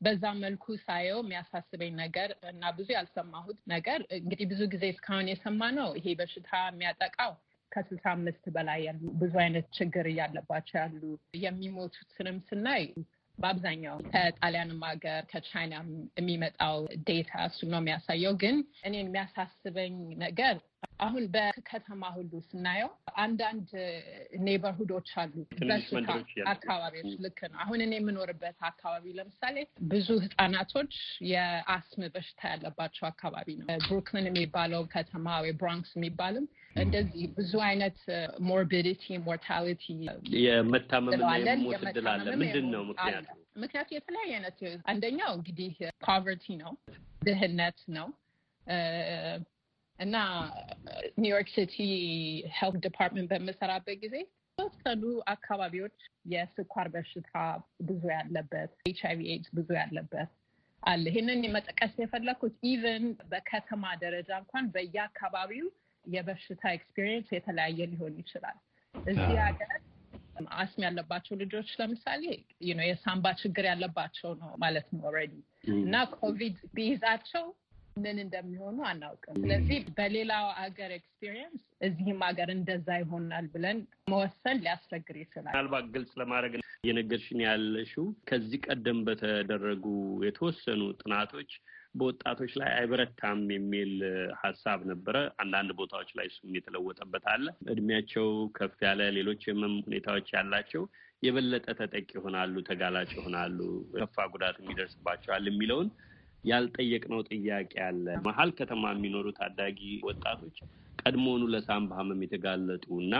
በዛ መልኩ ሳየው የሚያሳስበኝ ነገር እና ብዙ ያልሰማሁት ነገር እንግዲህ ብዙ ጊዜ እስካሁን የሰማ ነው ይሄ በሽታ የሚያጠቃው ከስልሳ አምስት በላይ ያሉ ብዙ አይነት ችግር እያለባቸው ያሉ የሚሞቱትንም ስናይ በአብዛኛው ከጣሊያንም ሀገር ከቻይና የሚመጣው ዴታ እሱ ነው የሚያሳየው። ግን እኔን የሚያሳስበኝ ነገር አሁን በከተማ ሁሉ ስናየው አንዳንድ ኔበርሁዶች አሉ፣ አካባቢዎች። ልክ ነው። አሁን እኔ የምኖርበት አካባቢ ለምሳሌ ብዙ ህጻናቶች የአስም በሽታ ያለባቸው አካባቢ ነው። ብሩክሊን የሚባለው ከተማ ወይ ብሮንክስ የሚባልም እንደዚህ ብዙ አይነት ሞርቢዲቲ ሞርታሊቲ የመታመምለን የሞት ምንድን ነው ምክንያቱ? ምክንያቱ የተለያየ አይነት አንደኛው እንግዲህ ፖቨርቲ ነው፣ ድህነት ነው እና ኒውዮርክ ሲቲ ሄልት ዲፓርትመንት በምሰራበት ጊዜ የተወሰኑ አካባቢዎች የስኳር በሽታ ብዙ ያለበት፣ ኤች አይቪ ኤድስ ብዙ ያለበት አለ። ይህንን መጠቀስ የፈለግኩት ኢቨን በከተማ ደረጃ እንኳን በየአካባቢው የበሽታ ኤክስፒሪየንስ የተለያየ ሊሆን ይችላል። እዚህ ሀገር አስም ያለባቸው ልጆች ለምሳሌ የሳምባ ችግር ያለባቸው ነው ማለት ነው ኦልሬዲ እና ኮቪድ ቢይዛቸው ምን እንደሚሆኑ አናውቅም። ስለዚህ በሌላው ሀገር ኤክስፒሪየንስ እዚህም ሀገር እንደዛ ይሆናል ብለን መወሰን ሊያስቸግር ይችላል። ምናልባት ግልጽ ለማድረግ እየነገርሽን ያለሽው ከዚህ ቀደም በተደረጉ የተወሰኑ ጥናቶች በወጣቶች ላይ አይበረታም የሚል ሀሳብ ነበረ። አንዳንድ ቦታዎች ላይ እሱም የተለወጠበት አለ። እድሜያቸው ከፍ ያለ ሌሎች የህመም ሁኔታዎች ያላቸው የበለጠ ተጠቂ ይሆናሉ፣ ተጋላጭ ይሆናሉ፣ ከፋ ጉዳት የሚደርስባቸዋል የሚለውን ያልጠየቅነው ጥያቄ አለ። መሀል ከተማ የሚኖሩ ታዳጊ ወጣቶች ቀድሞኑ ለሳምባ ህመም የተጋለጡ እና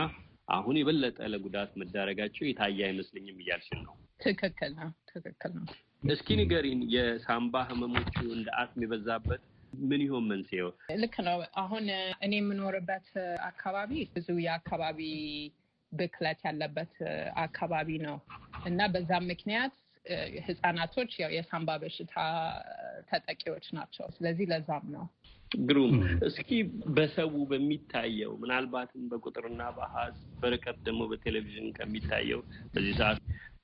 አሁን የበለጠ ለጉዳት መዳረጋቸው የታየ አይመስለኝም እያልሽን ነው። ትክክል ነው። ትክክል ነው። እስኪ ንገሪን፣ የሳምባ ህመሞቹ እንደ አስም የበዛበት ምን ይሆን መንስኤው? ልክ ነው። አሁን እኔ የምኖርበት አካባቢ ብዙ የአካባቢ ብክለት ያለበት አካባቢ ነው እና በዛም ምክንያት ህጻናቶች ያው የሳምባ በሽታ ተጠቂዎች ናቸው። ስለዚህ ለዛም ነው ግሩም። እስኪ በሰው በሚታየው ምናልባትም በቁጥርና በሀዝ በርቀት ደግሞ በቴሌቪዥን ከሚታየው በዚህ ሰዓት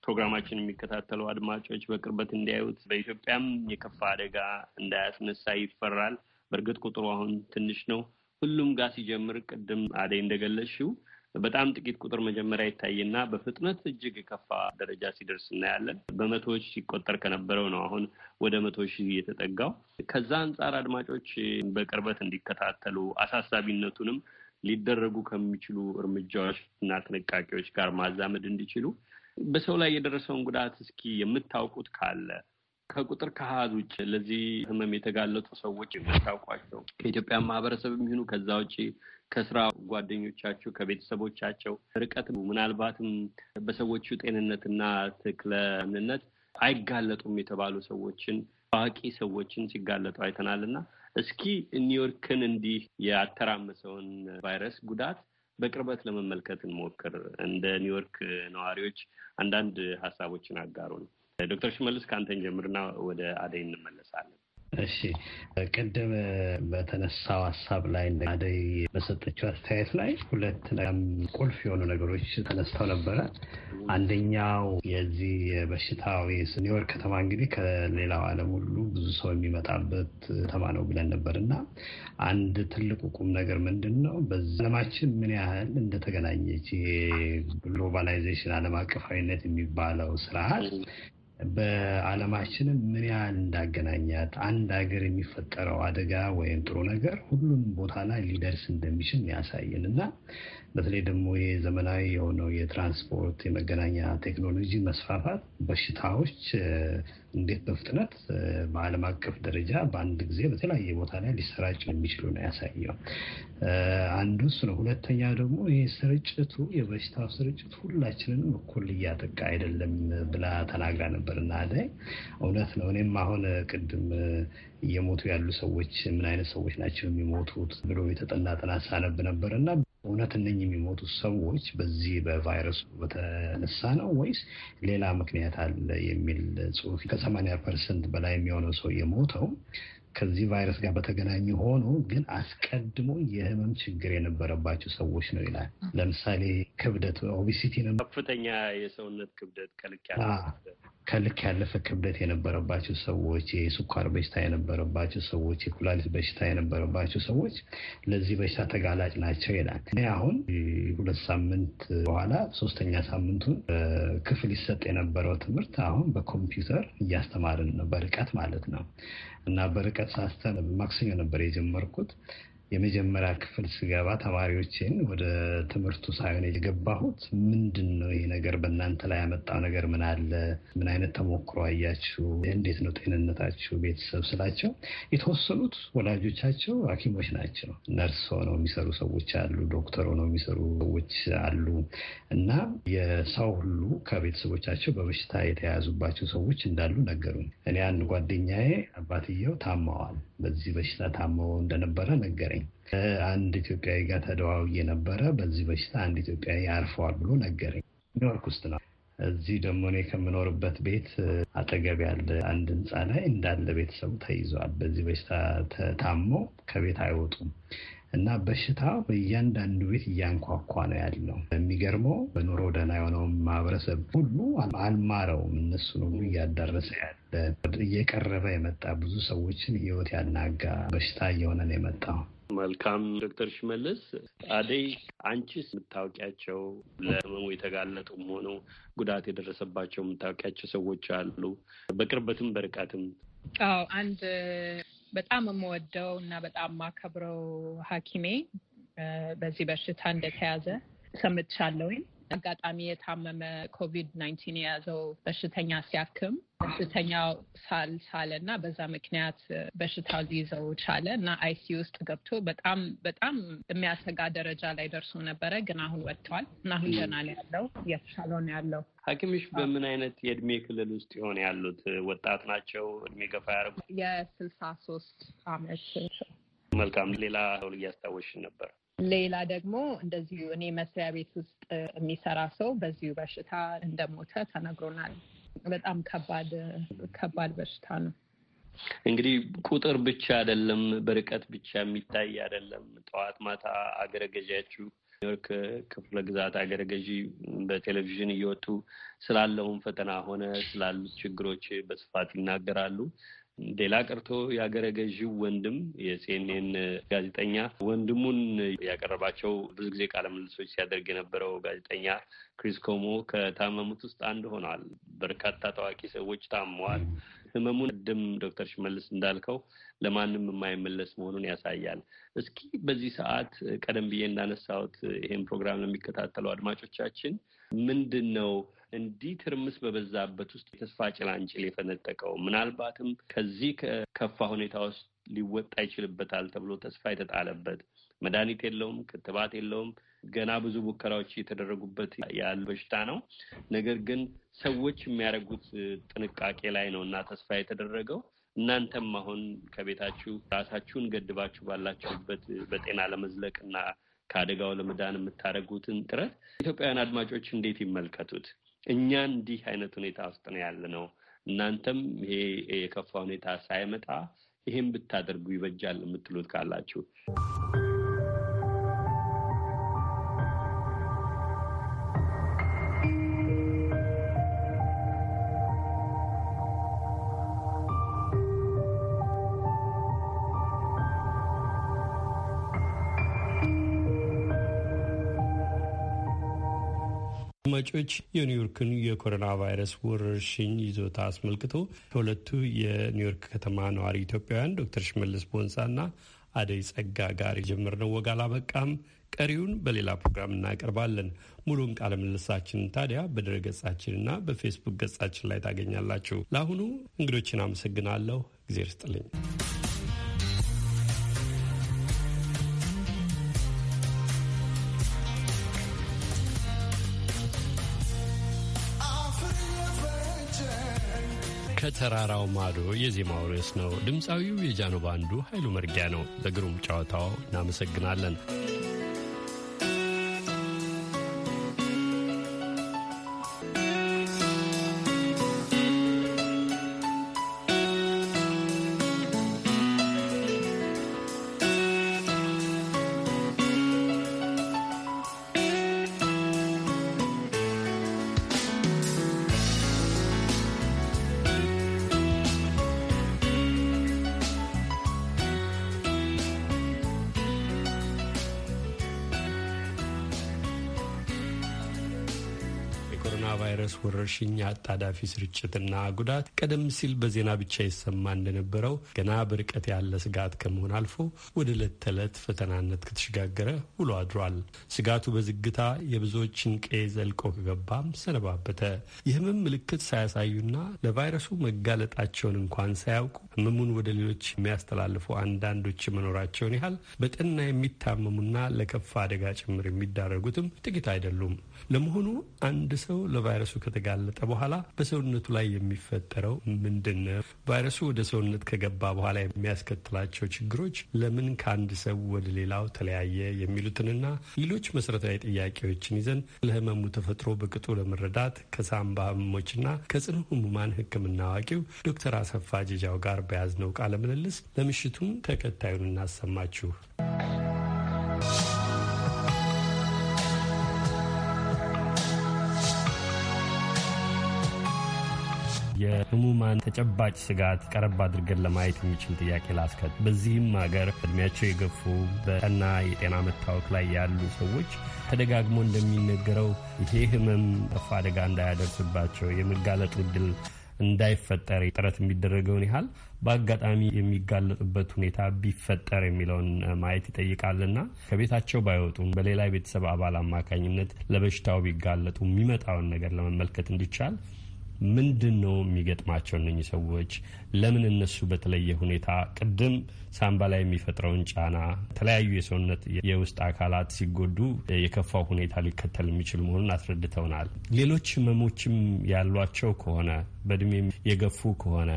ፕሮግራማችን የሚከታተሉ አድማጮች በቅርበት እንዲያዩት በኢትዮጵያም የከፋ አደጋ እንዳያስነሳ ይፈራል። በእርግጥ ቁጥሩ አሁን ትንሽ ነው። ሁሉም ጋር ሲጀምር ቅድም አደይ እንደገለሽው በጣም ጥቂት ቁጥር መጀመሪያ ይታይና በፍጥነት እጅግ የከፋ ደረጃ ሲደርስ እናያለን። በመቶዎች ሲቆጠር ከነበረው ነው አሁን ወደ መቶ ሺህ የተጠጋው። ከዛ አንጻር አድማጮች በቅርበት እንዲከታተሉ አሳሳቢነቱንም ሊደረጉ ከሚችሉ እርምጃዎች እና ጥንቃቄዎች ጋር ማዛመድ እንዲችሉ በሰው ላይ የደረሰውን ጉዳት እስኪ የምታውቁት ካለ ከቁጥር ከሀዝ ውጭ ለዚህ ህመም የተጋለጡ ሰዎች የምታውቋቸው ከኢትዮጵያ ማህበረሰብ የሚሆኑ ከዛ ውጭ ከስራ ጓደኞቻቸው ከቤተሰቦቻቸው ርቀት ምናልባትም በሰዎቹ ጤንነትና ትክለንነት አይጋለጡም የተባሉ ሰዎችን ታዋቂ ሰዎችን ሲጋለጡ አይተናል እና እስኪ ኒውዮርክን እንዲህ ያተራመሰውን ቫይረስ ጉዳት በቅርበት ለመመልከት እንሞክር። እንደ ኒውዮርክ ነዋሪዎች አንዳንድ ሀሳቦችን አጋሩን። ዶክተር ሽመልስ ከአንተን ጀምርና ወደ አደይ እንመለሳለን። እሺ ቅድም በተነሳው ሀሳብ ላይ አደይ በሰጠችው አስተያየት ላይ ሁለት ቁልፍ የሆኑ ነገሮች ተነስተው ነበረ። አንደኛው የዚህ በሽታዊ ኒውዮርክ ከተማ እንግዲህ ከሌላው ዓለም ሁሉ ብዙ ሰው የሚመጣበት ከተማ ነው ብለን ነበር እና አንድ ትልቁ ቁም ነገር ምንድን ነው በዚህ ዓለማችን ምን ያህል እንደተገናኘች ይሄ ግሎባላይዜሽን ዓለም አቀፋዊነት የሚባለው ስርዓት በዓለማችን ምን ያህል እንዳገናኛት አንድ ሀገር የሚፈጠረው አደጋ ወይም ጥሩ ነገር ሁሉም ቦታ ላይ ሊደርስ እንደሚችል ያሳየን እና በተለይ ደግሞ ይሄ ዘመናዊ የሆነው የትራንስፖርት የመገናኛ ቴክኖሎጂ መስፋፋት በሽታዎች እንዴት በፍጥነት በዓለም አቀፍ ደረጃ በአንድ ጊዜ በተለያየ ቦታ ላይ ሊሰራጭ የሚችሉ ነው ያሳየው። አንዱ እሱ ነው። ሁለተኛ ደግሞ ይህ ስርጭቱ የበሽታው ስርጭት ሁላችንንም እኩል እያጠቃ አይደለም ብላ ተናግራ ነበር እና እውነት ነው። እኔም አሁን ቅድም እየሞቱ ያሉ ሰዎች ምን አይነት ሰዎች ናቸው የሚሞቱት ብሎ የተጠና ጥናት ሳነብ ነበር እና እውነት እነኝህ የሚሞቱ ሰዎች በዚህ በቫይረሱ በተነሳ ነው ወይስ ሌላ ምክንያት አለ የሚል ጽሁፍ ከሰማንያ ፐርሰንት በላይ የሚሆነው ሰው የሞተው ከዚህ ቫይረስ ጋር በተገናኙ ሆኑ ግን አስቀድሞ የህመም ችግር የነበረባቸው ሰዎች ነው ይላል። ለምሳሌ ክብደት ኦቢሲቲ፣ ከፍተኛ የሰውነት ክብደት ከልክ ያለፈ ክብደት የነበረባቸው ሰዎች፣ የስኳር በሽታ የነበረባቸው ሰዎች፣ የኩላሊት በሽታ የነበረባቸው ሰዎች ለዚህ በሽታ ተጋላጭ ናቸው ይላል። እኔ አሁን ሁለት ሳምንት በኋላ ሶስተኛ ሳምንቱን ክፍል ይሰጥ የነበረው ትምህርት አሁን በኮምፒውተር እያስተማርን ነው፣ በርቀት ማለት ነው። እና በርቀት ሳስተን ማክሰኞ ነበር የጀመርኩት የመጀመሪያ ክፍል ስገባ ተማሪዎችን ወደ ትምህርቱ ሳይሆን የገባሁት ምንድን ነው ይሄ ነገር በእናንተ ላይ ያመጣው ነገር ምን አለ? ምን አይነት ተሞክሮ አያችሁ? እንዴት ነው ጤንነታችሁ ቤተሰብ ስላቸው የተወሰኑት ወላጆቻቸው ሐኪሞች ናቸው። ነርስ ሆነው የሚሰሩ ሰዎች አሉ። ዶክተር ሆነው የሚሰሩ ሰዎች አሉ እና የሰው ሁሉ ከቤተሰቦቻቸው በበሽታ የተያያዙባቸው ሰዎች እንዳሉ ነገሩኝ። እኔ አንድ ጓደኛዬ አባትየው ታማዋል በዚህ በሽታ ታመው እንደነበረ ነገረኝ። አንድ ኢትዮጵያዊ ጋር ተደዋውዬ ነበረ። በዚህ በሽታ አንድ ኢትዮጵያዊ አርፈዋል ብሎ ነገረኝ። ኒውዮርክ ውስጥ ነው። እዚህ ደግሞ እኔ ከምኖርበት ቤት አጠገብ ያለ አንድ ህንፃ ላይ እንዳለ ቤተሰቡ ተይዘዋል። በዚህ በሽታ ታመው ከቤት አይወጡም። እና በሽታ በእያንዳንዱ ቤት እያንኳኳ ነው ያለው። የሚገርመው በኑሮ ደህና የሆነውን ማህበረሰብ ሁሉ አልማረውም። እነሱ ነው እያዳረሰ ያለ እየቀረበ የመጣ ብዙ ሰዎችን ህይወት ያናጋ በሽታ እየሆነ ነው የመጣው። መልካም ዶክተር ሽመልስ አደይ፣ አንቺስ የምታውቂያቸው ለህመሙ የተጋለጡም ሆነው ጉዳት የደረሰባቸው የምታውቂያቸው ሰዎች አሉ በቅርበትም በርቀትም? አዎ አንድ በጣም የምወደው እና በጣም ማከብረው ሐኪሜ በዚህ በሽታ እንደተያዘ ሰምቻለሁኝ። አጋጣሚ የታመመ ኮቪድ ናይንቲን የያዘው በሽተኛ ሲያክም በሽተኛው ሳል ሳለ እና በዛ ምክንያት በሽታው ሊይዘው ቻለ እና አይሲ ውስጥ ገብቶ በጣም በጣም የሚያሰጋ ደረጃ ላይ ደርሶ ነበረ። ግን አሁን ወጥተዋል እና አሁን ደህና ነው ያለው፣ እየተሻለው ነው ያለው። ሐኪምሽ በምን አይነት የእድሜ ክልል ውስጥ ይሆን ያሉት? ወጣት ናቸው? እድሜ ገፋ ያደርጉ? የስልሳ ሶስት አመት መልካም። ሌላ ሁል እያስታወሽን ነበር ሌላ ደግሞ እንደዚሁ እኔ መስሪያ ቤት ውስጥ የሚሰራ ሰው በዚሁ በሽታ እንደሞተ ተነግሮናል። በጣም ከባድ ከባድ በሽታ ነው። እንግዲህ ቁጥር ብቻ አይደለም፣ በርቀት ብቻ የሚታይ አይደለም። ጠዋት ማታ አገረ ገዢያችሁ ኒውዮርክ ክፍለ ግዛት አገረ ገዢ በቴሌቪዥን እየወጡ ስላለውን ፈተና ሆነ ስላሉት ችግሮች በስፋት ይናገራሉ። ሌላ ቀርቶ የአገረ ገዢው ወንድም የሲኤንኤን ጋዜጠኛ ወንድሙን ያቀረባቸው ብዙ ጊዜ ቃለ ምልልሶች ሲያደርግ የነበረው ጋዜጠኛ ክሪስ ኮሞ ከታመሙት ውስጥ አንዱ ሆኗል። በርካታ ታዋቂ ሰዎች ታመዋል። ህመሙን ቅድም ዶክተር ሽመልስ እንዳልከው ለማንም የማይመለስ መሆኑን ያሳያል። እስኪ በዚህ ሰዓት ቀደም ብዬ እንዳነሳሁት ይህን ፕሮግራም ለሚከታተሉ አድማጮቻችን ምንድን ነው እንዲህ ትርምስ በበዛበት ውስጥ የተስፋ ጭላንጭል የፈነጠቀው ምናልባትም ከዚህ ከከፋ ሁኔታ ውስጥ ሊወጣ ይችልበታል ተብሎ ተስፋ የተጣለበት መድኃኒት የለውም፣ ክትባት የለውም፣ ገና ብዙ ሙከራዎች የተደረጉበት ያለ በሽታ ነው። ነገር ግን ሰዎች የሚያደርጉት ጥንቃቄ ላይ ነው እና ተስፋ የተደረገው እናንተም አሁን ከቤታችሁ ራሳችሁን ገድባችሁ ባላችሁበት በጤና ለመዝለቅ እና ከአደጋው ለመዳን የምታደርጉትን ጥረት ኢትዮጵያውያን አድማጮች እንዴት ይመልከቱት? እኛ እንዲህ አይነት ሁኔታ ውስጥ ነው ያለ ነው። እናንተም ይሄ የከፋ ሁኔታ ሳይመጣ ይሄን ብታደርጉ ይበጃል የምትሉት ካላችሁ አድማጮች የኒውዮርክን የኮሮና ቫይረስ ወረርሽኝ ይዞታ አስመልክቶ ከሁለቱ የኒውዮርክ ከተማ ነዋሪ ኢትዮጵያውያን ዶክተር ሽመልስ ቦንሳና አደይ ጸጋ ጋር የጀመርነው ወግ አላበቃም። ቀሪውን በሌላ ፕሮግራም እናቀርባለን። ሙሉን ቃለ ምልልሳችንን ታዲያ በድረ ገጻችንና በፌስቡክ ገጻችን ላይ ታገኛላችሁ። ለአሁኑ እንግዶችን አመሰግናለሁ። እግዜር ስጥልኝ። ከተራራው ማዶ የዜማው ርዕስ ነው። ድምፃዊው የጃኖ ባንዱ ኃይሉ መርጊያ ነው። ለግሩም ጨዋታው እናመሰግናለን። ወረርሽኝ አጣዳፊ ስርጭትና ጉዳት ቀደም ሲል በዜና ብቻ ይሰማ እንደነበረው ገና በርቀት ያለ ስጋት ከመሆን አልፎ ወደ ዕለት ተዕለት ፈተናነት ከተሸጋገረ ውሎ አድሯል። ስጋቱ በዝግታ የብዙዎችን ቀዬ ዘልቆ ከገባም ሰነባበተ። የህመም ምልክት ሳያሳዩና ለቫይረሱ መጋለጣቸውን እንኳን ሳያውቁ ህመሙን ወደ ሌሎች የሚያስተላልፉ አንዳንዶች መኖራቸውን ያህል በጠና የሚታመሙና ለከፋ አደጋ ጭምር የሚዳረጉትም ጥቂት አይደሉም። ለመሆኑ አንድ ሰው ለቫይረሱ ከተጋለጠ በኋላ በሰውነቱ ላይ የሚፈጠረው ምንድን ነው? ቫይረሱ ወደ ሰውነት ከገባ በኋላ የሚያስከትላቸው ችግሮች ለምን ከአንድ ሰው ወደ ሌላው ተለያየ? የሚሉትንና ሌሎች መሰረታዊ ጥያቄዎችን ይዘን ለህመሙ ተፈጥሮ በቅጡ ለመረዳት ከሳምባ ህመሞችና ከጽኑ ህሙማን ህክምና አዋቂው ዶክተር አሰፋ ጀጃው ጋር በያዝነው ቃለ ምልልስ ለምሽቱም ተከታዩን እናሰማችሁ። የህሙማን ተጨባጭ ስጋት ቀረብ አድርገን ለማየት የሚችል ጥያቄ ላስከት በዚህም ሀገር እድሜያቸው የገፉ በጠና የጤና መታወክ ላይ ያሉ ሰዎች ተደጋግሞ እንደሚነገረው ይሄ ህመም ከፍ አደጋ እንዳያደርስባቸው የመጋለጥ እድል እንዳይፈጠር ጥረት የሚደረገውን ያህል በአጋጣሚ የሚጋለጡበት ሁኔታ ቢፈጠር የሚለውን ማየት ይጠይቃልና ከቤታቸው ባይወጡም በሌላ የቤተሰብ አባል አማካኝነት ለበሽታው ቢጋለጡ የሚመጣውን ነገር ለመመልከት እንዲቻል ምንድን ነው የሚገጥማቸው እነኚህ ሰዎች? ለምን እነሱ በተለየ ሁኔታ ቅድም ሳምባ ላይ የሚፈጥረውን ጫና የተለያዩ የሰውነት የውስጥ አካላት ሲጎዱ የከፋው ሁኔታ ሊከተል የሚችል መሆኑን አስረድተውናል። ሌሎች ህመሞችም ያሏቸው ከሆነ በእድሜም የገፉ ከሆነ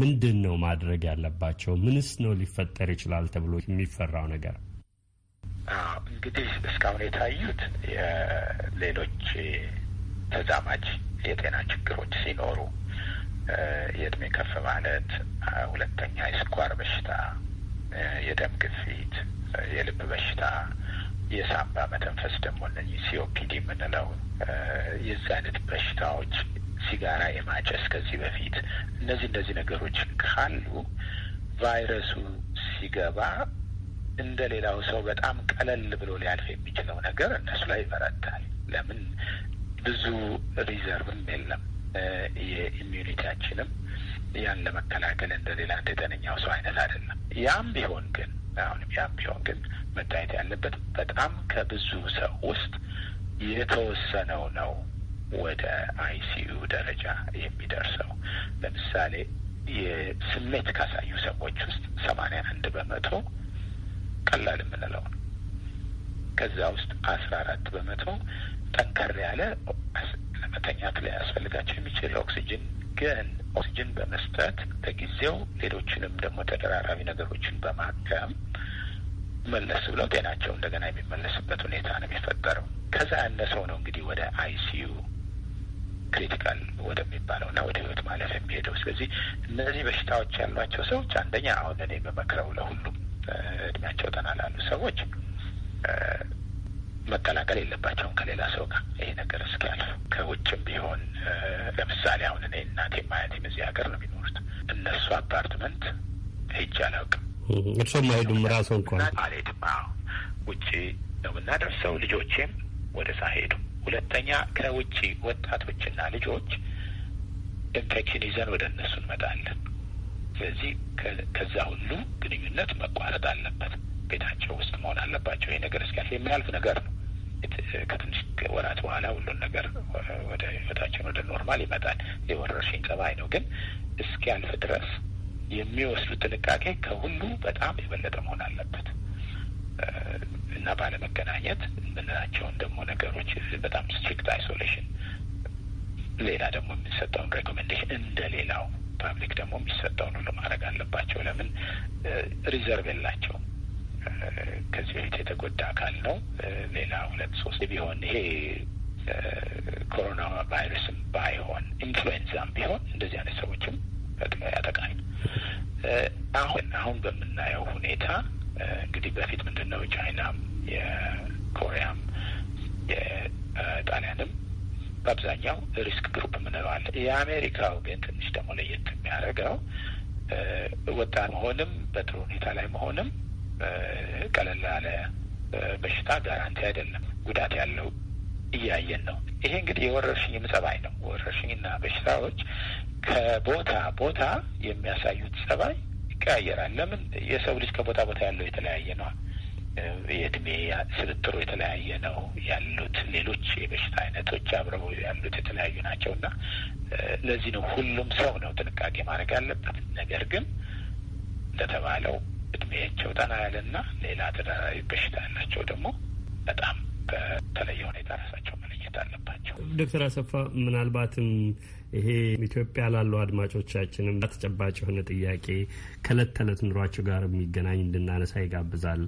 ምንድን ነው ማድረግ ያለባቸው? ምንስ ነው ሊፈጠር ይችላል ተብሎ የሚፈራው ነገር? እንግዲህ እስካሁን የታዩት ሌሎች ተዛማጅ የጤና ችግሮች ሲኖሩ የእድሜ ከፍ ማለት፣ ሁለተኛ የስኳር በሽታ፣ የደም ግፊት፣ የልብ በሽታ፣ የሳምባ መተንፈስ ደግሞ እነዚህ ሲኦፒዲ የምንለው የዚህ አይነት በሽታዎች፣ ሲጋራ የማጨስ ከዚህ በፊት እነዚህ እነዚህ ነገሮች ካሉ ቫይረሱ ሲገባ እንደ ሌላው ሰው በጣም ቀለል ብሎ ሊያልፍ የሚችለው ነገር እነሱ ላይ ይበረታል። ለምን ብዙ ሪዘርቭም የለም። የኢሚዩኒቲያችንም ያን ለመከላከል እንደሌላ እንደ ጤነኛው ሰው አይነት አይደለም። ያም ቢሆን ግን አሁንም ያም ቢሆን ግን መታየት ያለበት በጣም ከብዙ ሰው ውስጥ የተወሰነው ነው ወደ አይሲዩ ደረጃ የሚደርሰው። ለምሳሌ የስሜት ካሳዩ ሰዎች ውስጥ ሰማንያ አንድ በመቶ ቀላል የምንለው ነው። ከዛ ውስጥ አስራ አራት በመቶ ጠንከር ያለ ለመተኛት ሊያስፈልጋቸው የሚችል ኦክሲጅን ግን ኦክሲጅን በመስጠት ለጊዜው ሌሎችንም ደግሞ ተደራራቢ ነገሮችን በማከም መለስ ብለው ጤናቸው እንደገና የሚመለስበት ሁኔታ ነው የሚፈጠረው። ከዛ ያነሰው ነው እንግዲህ ወደ አይሲዩ ክሪቲካል ወደሚባለው እና ወደ ህይወት ማለፍ የሚሄደው። ስለዚህ እነዚህ በሽታዎች ያሏቸው ሰዎች አንደኛ አሁን እኔ በመክረው ለሁሉም እድሜያቸው ጠና ላሉ ሰዎች መቀላቀል የለባቸውም ከሌላ ሰው ጋር ይሄ ነገር እስኪያልፍ ከውጭም ቢሆን ለምሳሌ አሁን እኔ እናቴ ማየቴም እዚህ ሀገር ነው የሚኖሩት። እነሱ አፓርትመንት ሄጅ አላውቅም። እርስዎ ማሄዱም ራሱ እንኳን አልሄድም። ውጭ ነው የምናደርሰው። ልጆቼም ወደ ሳ ሄዱ። ሁለተኛ ከውጭ ወጣቶችና ልጆች ኢንፌክሽን ይዘን ወደ እነሱ እንመጣለን። ስለዚህ ከዛ ሁሉ ግንኙነት መቋረጥ አለበት። ቤታቸው ውስጥ መሆን አለባቸው። ይህ ነገር እስኪያልፍ የሚያልፍ ነገር ነው። ከትንሽ ወራት በኋላ ሁሉን ነገር ወደ ህይወታችን ወደ ኖርማል ይመጣል። የወረርሽኝ ጸባይ ነው፣ ግን እስኪያልፍ ድረስ የሚወስዱት ጥንቃቄ ከሁሉ በጣም የበለጠ መሆን አለበት እና ባለመገናኘት የምንላቸውን ደግሞ ነገሮች በጣም ስትሪክት አይሶሌሽን፣ ሌላ ደግሞ የሚሰጠውን ሬኮሜንዴሽን እንደ ሌላው ፓብሊክ ደግሞ የሚሰጠውን ሁሉ ማድረግ አለባቸው። ለምን ሪዘርቭ የላቸውም። ከዚህ በፊት የተጎዳ አካል ነው። ሌላ ሁለት ሶስት ቢሆን ይሄ ኮሮና ቫይረስም ባይሆን ኢንፍሉዌንዛም ቢሆን እንደዚህ አይነት ሰዎችም ፈጥኖ ያጠቃል። አሁን አሁን በምናየው ሁኔታ እንግዲህ በፊት ምንድን ነው ቻይናም የኮሪያም የጣሊያንም በአብዛኛው ሪስክ ግሩፕ የምንለው አለ። የአሜሪካው ግን ትንሽ ደግሞ ለየት የሚያደርገው ወጣት መሆንም በጥሩ ሁኔታ ላይ መሆንም ቀለል ያለ በሽታ ጋራንቲ አይደለም። ጉዳት ያለው እያየን ነው። ይሄ እንግዲህ የወረርሽኝም ጸባይ ነው። ወረርሽኝና በሽታዎች ከቦታ ቦታ የሚያሳዩት ጸባይ ይቀያየራል። ለምን የሰው ልጅ ከቦታ ቦታ ያለው የተለያየ ነው። የእድሜ ስብጥሩ የተለያየ ነው። ያሉት ሌሎች የበሽታ አይነቶች አብረው ያሉት የተለያዩ ናቸው እና ለዚህ ነው ሁሉም ሰው ነው ጥንቃቄ ማድረግ ያለበት። ነገር ግን እንደተባለው እድሜያቸው ጠና ያለና ሌላ ተዳራዊ በሽታ ያላቸው ደግሞ በጣም በተለየ ሁኔታ ራሳቸው መለየት አለባቸው። ዶክተር አሰፋ ምናልባትም ይሄ ኢትዮጵያ ላሉ አድማጮቻችንም ተጨባጭ የሆነ ጥያቄ ከእለት ተዕለት ኑሯቸው ጋር የሚገናኝ እንድናነሳ ይጋብዛል።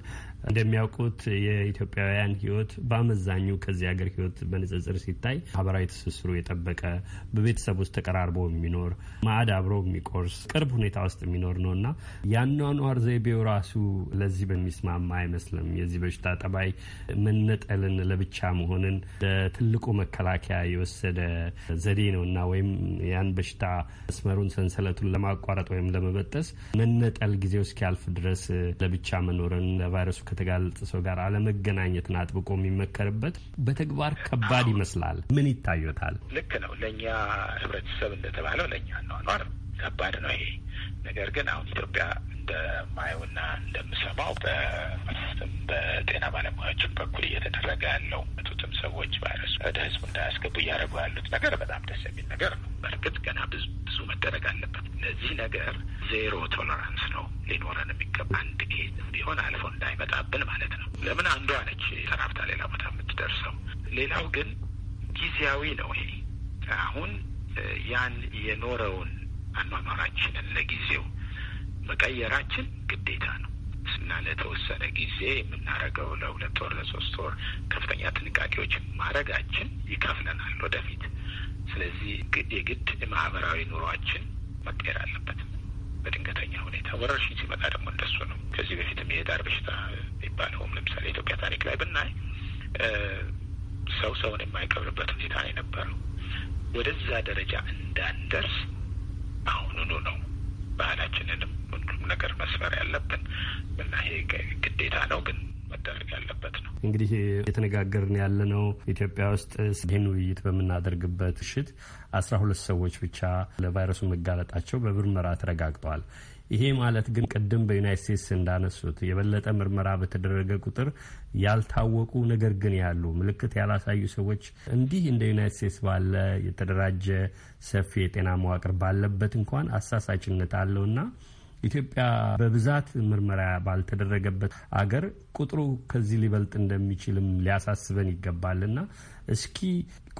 እንደሚያውቁት የኢትዮጵያውያን ህይወት በአመዛኙ ከዚህ ሀገር ህይወት በንጽጽር ሲታይ ማህበራዊ ትስስሩ የጠበቀ በቤተሰብ ውስጥ ተቀራርቦ የሚኖር ማዕድ አብሮ የሚቆርስ ቅርብ ሁኔታ ውስጥ የሚኖር ነው እና ያኗኗር ዘይቤው ራሱ ለዚህ በሚስማማ አይመስልም። የዚህ በሽታ ጠባይ መነጠልን፣ ለብቻ መሆንን ለትልቁ መከላከያ የወሰደ ዘዴ ነው እና ወይም ያን በሽታ መስመሩን ሰንሰለቱን ለማቋረጥ ወይም ለመበጠስ መነጠል ጊዜው እስኪያልፍ ድረስ ለብቻ መኖርን ለቫይረሱ ከተጋለጠ ሰው ጋር አለመገናኘትን አጥብቆ የሚመከርበት በተግባር ከባድ ይመስላል። ምን ይታዩታል? ልክ ነው። ለእኛ ህብረተሰብ እንደተባለው ለእኛ ነው ከባድ ነው ይሄ ነገር ግን አሁን ኢትዮጵያ እንደማየውና እንደምሰማው በመንግስትም በጤና ባለሙያዎችም በኩል እየተደረገ ያለው መቱትም ሰዎች ቫይረስ ወደ ህዝቡ እንዳያስገቡ እያደረጉ ያሉት ነገር በጣም ደስ የሚል ነገር ነው። በእርግጥ ገና ብዙ ብዙ መደረግ አለበት። እነዚህ ነገር ዜሮ ቶለራንስ ነው ሊኖረን የሚገባ አንድ ኬዝ ቢሆን አልፎ እንዳይመጣብን ማለት ነው። ለምን አንዷ ነች ተራፍታ ሌላ ቦታ የምትደርሰው። ሌላው ግን ጊዜያዊ ነው ይሄ አሁን ያን የኖረውን አኗኗራችንን ለጊዜው መቀየራችን ግዴታ ነው እና ለተወሰነ ጊዜ የምናደርገው ለሁለት ወር ለሶስት ወር ከፍተኛ ጥንቃቄዎች ማድረጋችን ይከፍለናል ወደፊት። ስለዚህ የግድ ማህበራዊ ኑሯችን መቀየር አለበት በድንገተኛ ሁኔታ። ወረርሽኝ ሲመጣ ደግሞ እንደሱ ነው። ከዚህ በፊትም የዳር በሽታ የሚባለውም ለምሳሌ ኢትዮጵያ ታሪክ ላይ ብናይ ሰው ሰውን የማይቀብርበት ሁኔታ ነው የነበረው። ወደዛ ደረጃ እንዳንደርስ አሁኑኑ ነው ባህላችንንም ሁሉም ነገር መስፈር ያለብን እና ይሄ ግዴታ ነው ግን መደረግ ያለበት ነው። እንግዲህ የተነጋገርን ያለነው ኢትዮጵያ ውስጥ ይህን ውይይት በምናደርግበት ምሽት አስራ ሁለት ሰዎች ብቻ ለቫይረሱ መጋለጣቸው በምርመራ ተረጋግጠዋል። ይሄ ማለት ግን ቅድም በዩናይት ስቴትስ እንዳነሱት የበለጠ ምርመራ በተደረገ ቁጥር ያልታወቁ ነገር ግን ያሉ ምልክት ያላሳዩ ሰዎች እንዲህ እንደ ዩናይት ስቴትስ ባለ የተደራጀ ሰፊ የጤና መዋቅር ባለበት እንኳን አሳሳችነት አለውና ኢትዮጵያ በብዛት ምርመራ ባልተደረገበት አገር ቁጥሩ ከዚህ ሊበልጥ እንደሚችልም ሊያሳስበን ይገባልና እስኪ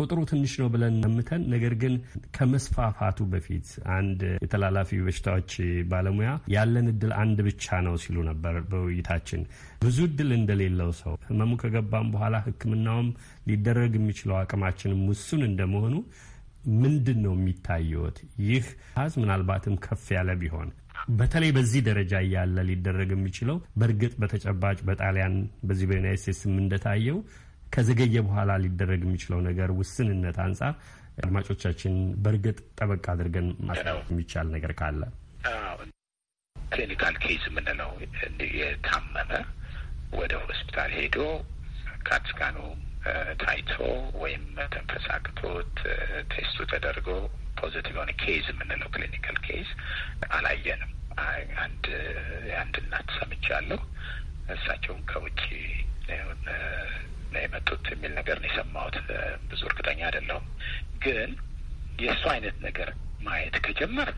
ቁጥሩ ትንሽ ነው ብለን ነምተን፣ ነገር ግን ከመስፋፋቱ በፊት አንድ የተላላፊ በሽታዎች ባለሙያ ያለን እድል አንድ ብቻ ነው ሲሉ ነበር በውይይታችን። ብዙ እድል እንደሌለው ሰው ህመሙ ከገባም በኋላ ሕክምናውም ሊደረግ የሚችለው አቅማችንም ውሱን እንደመሆኑ ምንድን ነው የሚታየዎት? ይህ ሀዝ ምናልባትም ከፍ ያለ ቢሆን በተለይ በዚህ ደረጃ እያለ ሊደረግ የሚችለው በእርግጥ በተጨባጭ በጣሊያን በዚህ በዩናይት ስቴትስም እንደታየው ከዘገየ በኋላ ሊደረግ የሚችለው ነገር ውስንነት አንጻር አድማጮቻችን በእርግጥ ጠበቅ አድርገን ማስራት የሚቻል ነገር ካለ ክሊኒካል ኬዝ የምንለው የታመመ ወደ ሆስፒታል ሄዶ ካትስካኑ ታይቶ ወይም ተንፈሳቅቶት ቴስቱ ተደርጎ ፖዚቲቭ የሆነ ኬዝ የምንለው ክሊኒካል ኬዝ አላየንም። አንድ የአንድ እናት ሰምቻለሁ። እሳቸውም ከውጭ ነው የመጡት የሚል ነገር ነው የሰማሁት። ብዙ እርግጠኛ አይደለሁም፣ ግን የእሱ አይነት ነገር ማየት ከጀመር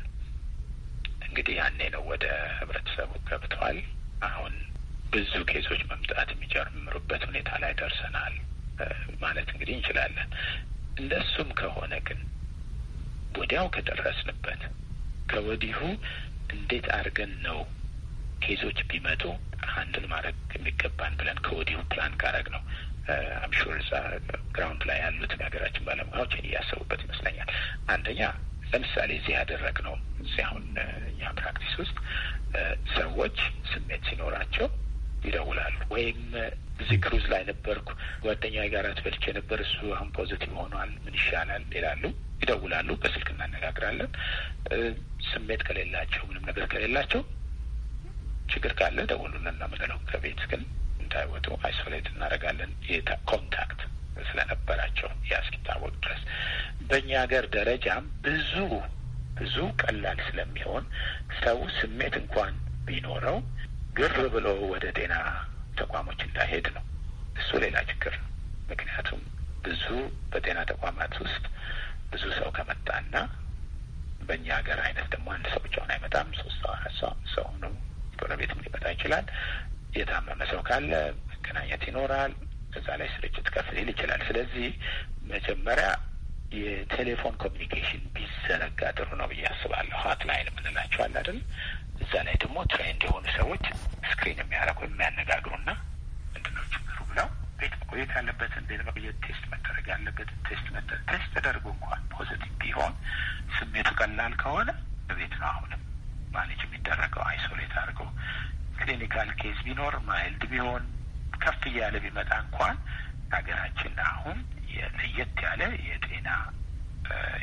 እንግዲህ ያኔ ነው ወደ ህብረተሰቡ ገብቷል። አሁን ብዙ ኬሶች መምጣት የሚጀምሩበት ሁኔታ ላይ ደርሰናል ማለት እንግዲህ እንችላለን። እንደሱም ከሆነ ግን ወዲያው ከደረስንበት ከወዲሁ እንዴት አድርገን ነው ኬዞች ቢመጡ ሀንድል ማድረግ የሚገባን ብለን ከወዲሁ ፕላን ካረግ ነው አምሹር እዛ ግራውንድ ላይ ያሉት ሀገራችን ባለሙያዎች እያሰቡበት ይመስለኛል። አንደኛ ለምሳሌ እዚህ ያደረግነው እዚህ አሁን እኛ ፕራክቲስ ውስጥ ሰዎች ስሜት ሲኖራቸው ይደውላሉ ወይም እዚህ ክሩዝ ላይ ነበርኩ ጓደኛ ጋር ትበልቼ ነበር እሱ አሁን ፖዘቲቭ ሆኗል ምን ይሻላል ይላሉ ይደውላሉ በስልክ እናነጋግራለን ስሜት ከሌላቸው ምንም ነገር ከሌላቸው ችግር ካለ ደውሉልን ነው የምንለው ከቤት ግን እንዳይወጡ አይሶሌት እናደርጋለን። ኮንታክት ስለነበራቸው ያስኪታወቅ ድረስ በእኛ ሀገር ደረጃም ብዙ ብዙ ቀላል ስለሚሆን ሰው ስሜት እንኳን ቢኖረው ግር ብሎ ወደ ጤና ተቋሞች እንዳይሄድ ነው። እሱ ሌላ ችግር ነው። ምክንያቱም ብዙ በጤና ተቋማት ውስጥ ብዙ ሰው ከመጣና በእኛ ሀገር አይነት ደግሞ አንድ ሰው ብቻውን አይመጣም። ሶስት ሰው አራት ሰው ሰው ነው። ጎረቤትም ሊመጣ ይችላል። የታመመ ሰው ካለ መገናኘት ይኖራል። እዛ ላይ ስርጭት ከፍ ሊል ይችላል። ስለዚህ መጀመሪያ የቴሌፎን ኮሚኒኬሽን ቢዘረጋ ጥሩ ነው ብዬ አስባለሁ። ሀትላይን የምንላቸው አለ አይደል? እዛ ላይ ደግሞ ትሬንድ የሆኑ ሰዎች ስክሪን የሚያደርጉ የሚያነጋግሩና ምንድነው ችግሩ ብለው ቤት መቆየት ያለበትን ቤት መቆየት፣ ቴስት መደረግ ያለበትን ቴስት መደረግ፣ ቴስት ተደርጎ እንኳን ፖዘቲቭ ቢሆን ስሜቱ ቀላል ከሆነ በቤት ነው አሁንም ማኔጅ የሚደረገው አይሶሌት አድርገው ክሊኒካል ኬዝ ቢኖር ማይልድ ቢሆን ከፍ እያለ ቢመጣ እንኳን ሀገራችን አሁን ለየት ያለ የጤና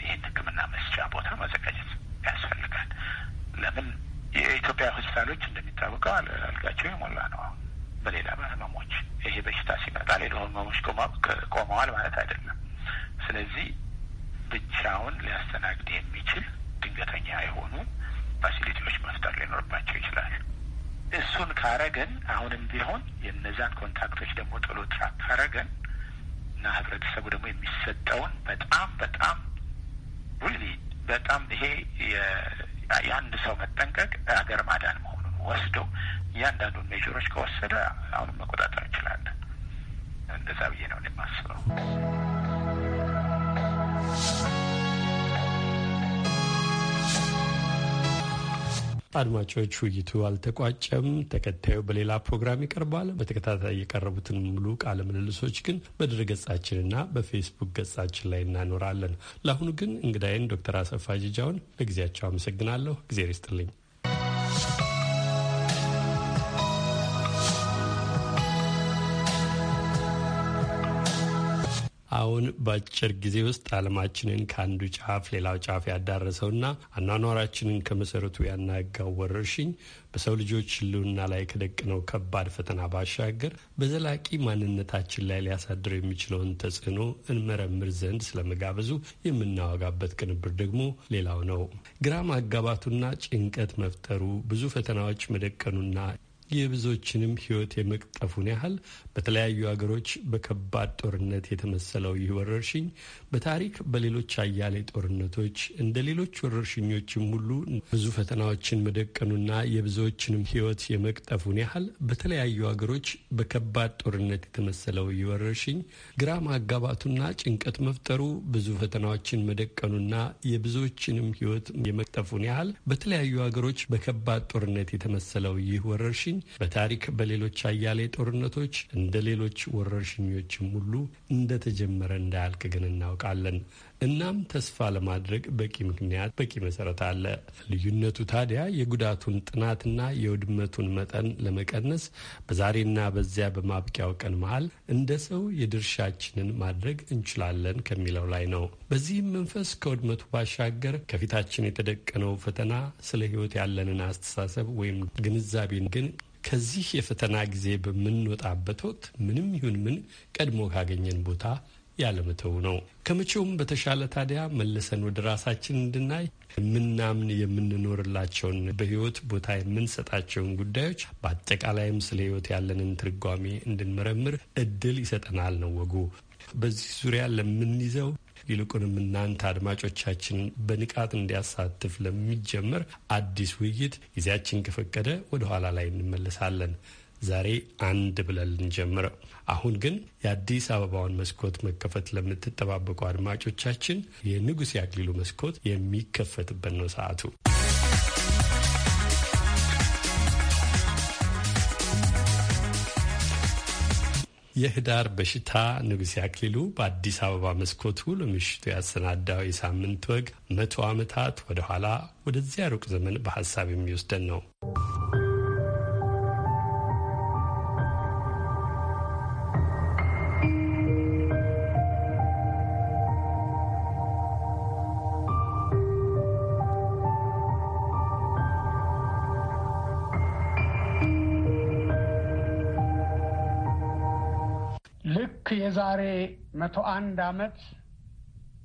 ይህን ሕክምና መስጫ ቦታ ማዘጋጀት ያስፈልጋል። ለምን የኢትዮጵያ ሆስፒታሎች እንደሚታወቀው አልጋቸው የሞላ ነው። አሁን በሌላ ህመሞች ይሄ በሽታ ሲመጣ ሌላ ህመሞች ቆመዋል ማለት አይደለም። ስለዚህ ብቻውን ሊያስተናግድ የሚችል ድንገተኛ የሆኑ ፋሲሊቲዎች መፍጠር ሊኖርባቸው ይችላል። እሱን ካረገን አሁንም ቢሆን የነዛን ኮንታክቶች ደግሞ ጥሎ ትራክ ካረገን እና ህብረተሰቡ ደግሞ የሚሰጠውን በጣም በጣም ሪሊ በጣም ይሄ የአንድ ሰው መጠንቀቅ አገር ማዳን መሆኑን ወስዶ እያንዳንዱን ሜዥሮች ከወሰደ አሁንም መቆጣጠር እንችላለን። እንደዛ ብዬ ነው የማስበው። አድማጮች፣ ውይይቱ አልተቋጨም። ተከታዩ በሌላ ፕሮግራም ይቀርባል። በተከታታይ የቀረቡትን ሙሉ ቃለ ምልልሶች ግን በድረገጻችንና በፌስቡክ ገጻችን ላይ እናኖራለን። ለአሁኑ ግን እንግዳይን ዶክተር አሰፋ ጅጃውን ለጊዜያቸው አመሰግናለሁ። እግዜር ይስጥልኝ። አሁን በአጭር ጊዜ ውስጥ ዓለማችንን ከአንዱ ጫፍ ሌላው ጫፍ ያዳረሰውና አኗኗራችንን ከመሰረቱ ያናጋው ወረርሽኝ በሰው ልጆች ሕልውና ላይ ከደቀነው ከባድ ፈተና ባሻገር በዘላቂ ማንነታችን ላይ ሊያሳድር የሚችለውን ተጽዕኖ እንመረምር ዘንድ ስለመጋበዙ የምናወጋበት ቅንብር ደግሞ ሌላው ነው። ግራ ማጋባቱና ጭንቀት መፍጠሩ ብዙ ፈተናዎች መደቀኑና የብዙዎችንም ሕይወት የመቅጠፉን ያህል በተለያዩ አገሮች በከባድ ጦርነት የተመሰለው ይህ ወረርሽኝ በታሪክ በሌሎች አያሌ ጦርነቶች እንደ ሌሎች ወረርሽኞችም ሁሉ ብዙ ፈተናዎችን መደቀኑና የብዙዎችንም ሕይወት የመቅጠፉን ያህል በተለያዩ አገሮች በከባድ ጦርነት የተመሰለው ይህ ወረርሽኝ ግራ ማጋባቱና ጭንቀት መፍጠሩ ብዙ ፈተናዎችን መደቀኑና የብዙዎችንም ሕይወት የመቅጠፉን ያህል በተለያዩ አገሮች በከባድ ጦርነት የተመሰለው ይህ ወረርሽኝ በታሪክ በሌሎች አያሌ ጦርነቶች እንደ ሌሎች ወረርሽኞችም ሁሉ እንደተጀመረ እንዳያልቅ ግን እናውቃለን። እናም ተስፋ ለማድረግ በቂ ምክንያት፣ በቂ መሰረት አለ። ልዩነቱ ታዲያ የጉዳቱን ጥናትና የውድመቱን መጠን ለመቀነስ በዛሬና በዚያ በማብቂያው ቀን መሃል እንደ ሰው የድርሻችንን ማድረግ እንችላለን ከሚለው ላይ ነው። በዚህም መንፈስ ከውድመቱ ባሻገር ከፊታችን የተደቀነው ፈተና ስለ ሕይወት ያለንን አስተሳሰብ ወይም ግንዛቤን ግን ከዚህ የፈተና ጊዜ በምንወጣበት ወቅት ምንም ይሁን ምን ቀድሞ ካገኘን ቦታ ያለመተው ነው። ከመቼውም በተሻለ ታዲያ መለሰን ወደ ራሳችን እንድናይ የምናምን የምንኖርላቸውን በህይወት ቦታ የምንሰጣቸውን ጉዳዮች በአጠቃላይም ስለ ህይወት ያለንን ትርጓሜ እንድንመረምር እድል ይሰጠናል ነው ወጉ። በዚህ ዙሪያ ለምንይዘው ይልቁንም እናንተ አድማጮቻችንን በንቃት እንዲያሳትፍ ለሚጀምር አዲስ ውይይት ጊዜያችን ከፈቀደ ወደ ኋላ ላይ እንመለሳለን። ዛሬ አንድ ብለን ልንጀምር። አሁን ግን የአዲስ አበባውን መስኮት መከፈት ለምትጠባበቁ አድማጮቻችን የንጉሥ አክሊሉ መስኮት የሚከፈትበት ነው ሰዓቱ። የህዳር በሽታ ንጉሴ አክሊሉ በአዲስ አበባ መስኮቱ ለምሽቱ ያሰናዳው የሳምንት ወግ መቶ ዓመታት ወደኋላ ወደዚያ ሩቅ ዘመን በሀሳብ የሚወስደን ነው። የዛሬ መቶ አንድ አመት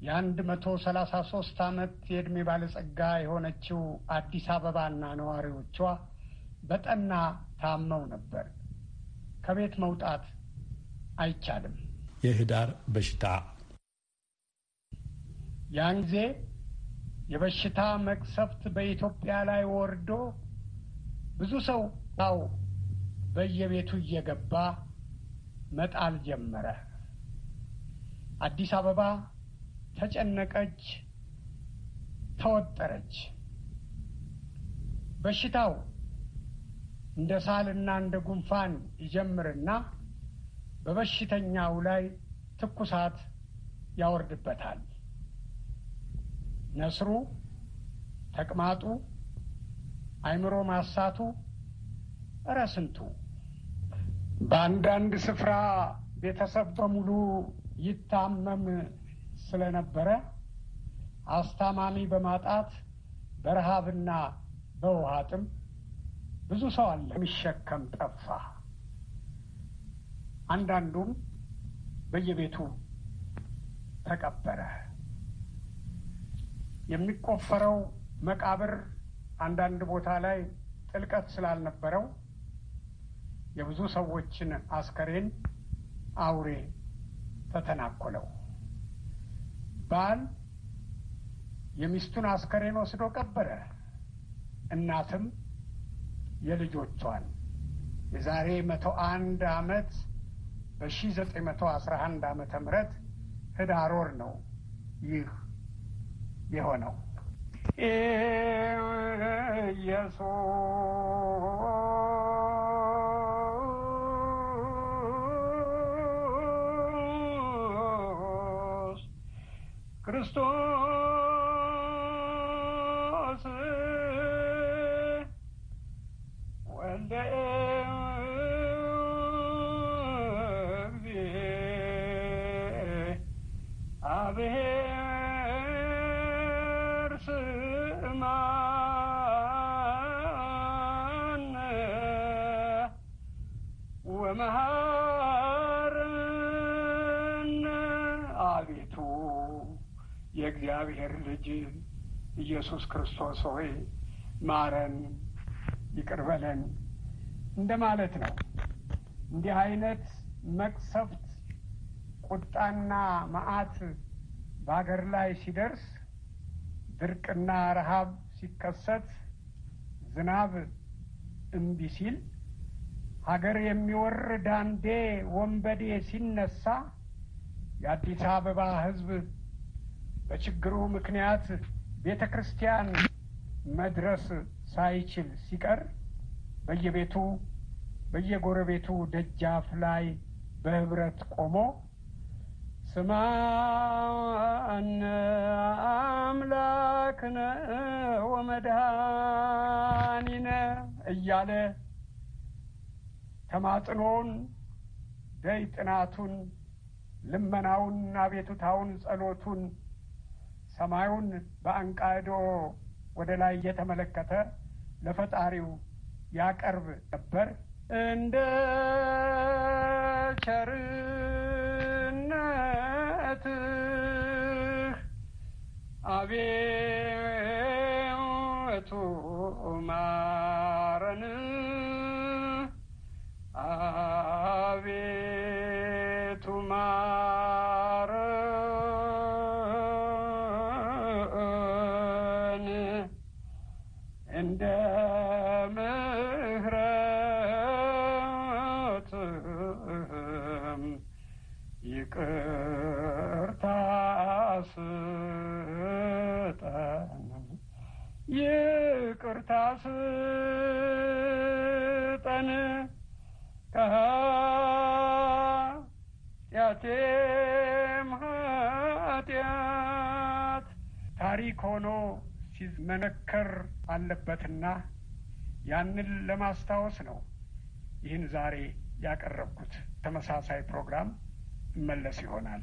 የአንድ መቶ ሰላሳ ሶስት አመት የእድሜ ባለጸጋ የሆነችው አዲስ አበባና ነዋሪዎቿ በጠና ታመው ነበር። ከቤት መውጣት አይቻልም። የህዳር በሽታ ያን ጊዜ የበሽታ መቅሰፍት በኢትዮጵያ ላይ ወርዶ ብዙ ሰው ው በየቤቱ እየገባ መጣል ጀመረ። አዲስ አበባ ተጨነቀች፣ ተወጠረች። በሽታው እንደ ሳልና እንደ ጉንፋን ይጀምርና በበሽተኛው ላይ ትኩሳት ያወርድበታል። ነስሩ፣ ተቅማጡ፣ አይምሮ ማሳቱ እረ ስንቱ በአንዳንድ ስፍራ ቤተሰብ በሙሉ ይታመም ስለነበረ አስታማሚ በማጣት በረሃብና በውሃ ጥም ብዙ ሰው አለ የሚሸከም ጠፋ። አንዳንዱም በየቤቱ ተቀበረ። የሚቆፈረው መቃብር አንዳንድ ቦታ ላይ ጥልቀት ስላልነበረው የብዙ ሰዎችን አስከሬን አውሬ ተተናኮለው። ባል የሚስቱን አስከሬን ወስዶ ቀበረ። እናትም የልጆቿን የዛሬ መቶ አንድ ዓመት በሺ ዘጠኝ መቶ አስራ አንድ ህዳር ወር ነው ይህ የሆነው። ኢየሱስ estoy. የእግዚአብሔር ልጅ ኢየሱስ ክርስቶስ ሆይ ማረን፣ ይቅርበለን እንደ ማለት ነው። እንዲህ አይነት መቅሰፍት፣ ቁጣና መዓት በሀገር ላይ ሲደርስ፣ ድርቅና ረሃብ ሲከሰት፣ ዝናብ እምቢ ሲል፣ ሀገር የሚወር ዳንዴ ወንበዴ ሲነሳ የአዲስ አበባ ሕዝብ በችግሩ ምክንያት ቤተ ክርስቲያን መድረስ ሳይችል ሲቀር በየቤቱ በየጎረቤቱ ደጃፍ ላይ በህብረት ቆሞ ስማን አምላክነ ወመድኃኒነ እያለ ተማጥኖን ደይ ጥናቱን ልመናውን፣ አቤቱታውን፣ ጸሎቱን ሰማዩን በአንቃዶ ወደ ላይ እየተመለከተ ለፈጣሪው ያቀርብ ነበር። እንደ ቸርነትህ አቤቱ ማረን አቤ ታስጠን ከኃጢአቴም ኃጢአት ታሪክ ሆኖ ሲመነከር አለበትና ያንን ለማስታወስ ነው ይህን ዛሬ ያቀረብኩት። ተመሳሳይ ፕሮግራም እመለስ ይሆናል።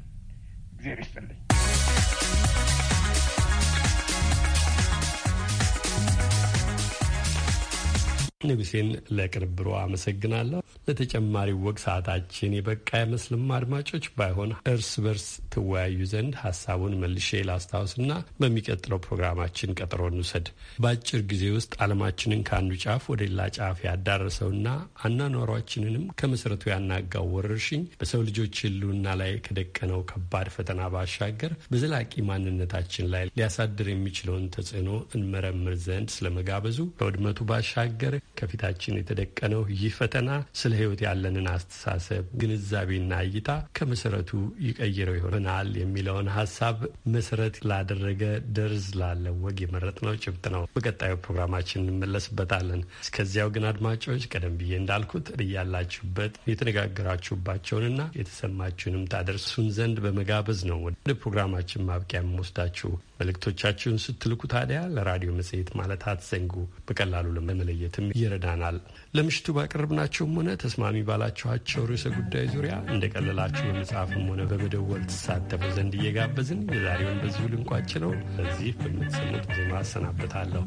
እግዜር ይስጥልኝ። ንጉሴን ለቅንብሮ አመሰግናለሁ። ለተጨማሪ ወግ ሰዓታችን የበቃ አይመስልም። አድማጮች ባይሆን እርስ በርስ ትወያዩ ዘንድ ሀሳቡን መልሼ ላስታውስና በሚቀጥለው ፕሮግራማችን ቀጠሮ እንውሰድ። በአጭር ጊዜ ውስጥ ዓለማችንን ከአንዱ ጫፍ ወደ ሌላ ጫፍ ያዳረሰውና አናኗሯችንንም ከመሰረቱ ያናጋው ወረርሽኝ በሰው ልጆች ሕልውና ላይ ከደቀነው ከባድ ፈተና ባሻገር በዘላቂ ማንነታችን ላይ ሊያሳድር የሚችለውን ተጽዕኖ እንመረምር ዘንድ ስለመጋበዙ ከውድመቱ ባሻገር ከፊታችን የተደቀነው ይህ ፈተና ስለ ሕይወት ያለንን አስተሳሰብ ግንዛቤና እይታ ከመሰረቱ ይቀይረው ይሆናል የሚለውን ሀሳብ መሰረት ላደረገ ደርዝ ላለው ወግ የመረጥነው ጭብጥ ነው። በቀጣዩ ፕሮግራማችን እንመለስበታለን። እስከዚያው ግን አድማጮች፣ ቀደም ብዬ እንዳልኩት እያላችሁበት የተነጋገራችሁባቸውንና የተሰማችሁንም ታደርሱን ዘንድ በመጋበዝ ነው ወደ ፕሮግራማችን ማብቂያ የምወስዳችሁ። መልእክቶቻችሁን ስትልኩ ታዲያ ለራዲዮ መጽሔት ማለት አትዘንጉ። በቀላሉ ለመለየትም ይረዳናል። ለምሽቱ ባቀረብናቸውም ሆነ ተስማሚ ባላችኋቸው ርዕሰ ጉዳይ ዙሪያ እንደ ቀለላችሁ በመጽሐፍም ሆነ በመደወል ትሳተፉ ዘንድ እየጋበዝን የዛሬውን በዚሁ ልንቋጭ ነው። በዚህ በምትሰሙት ዜማ አሰናበታለሁ።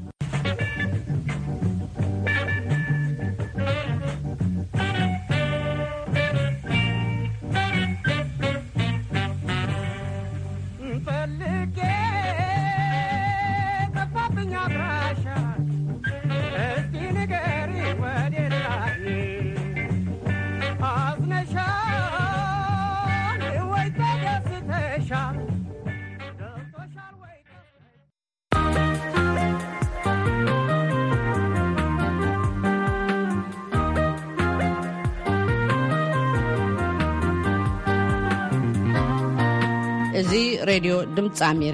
እዚ ሬድዮ ድምፂ ኣሜሪካ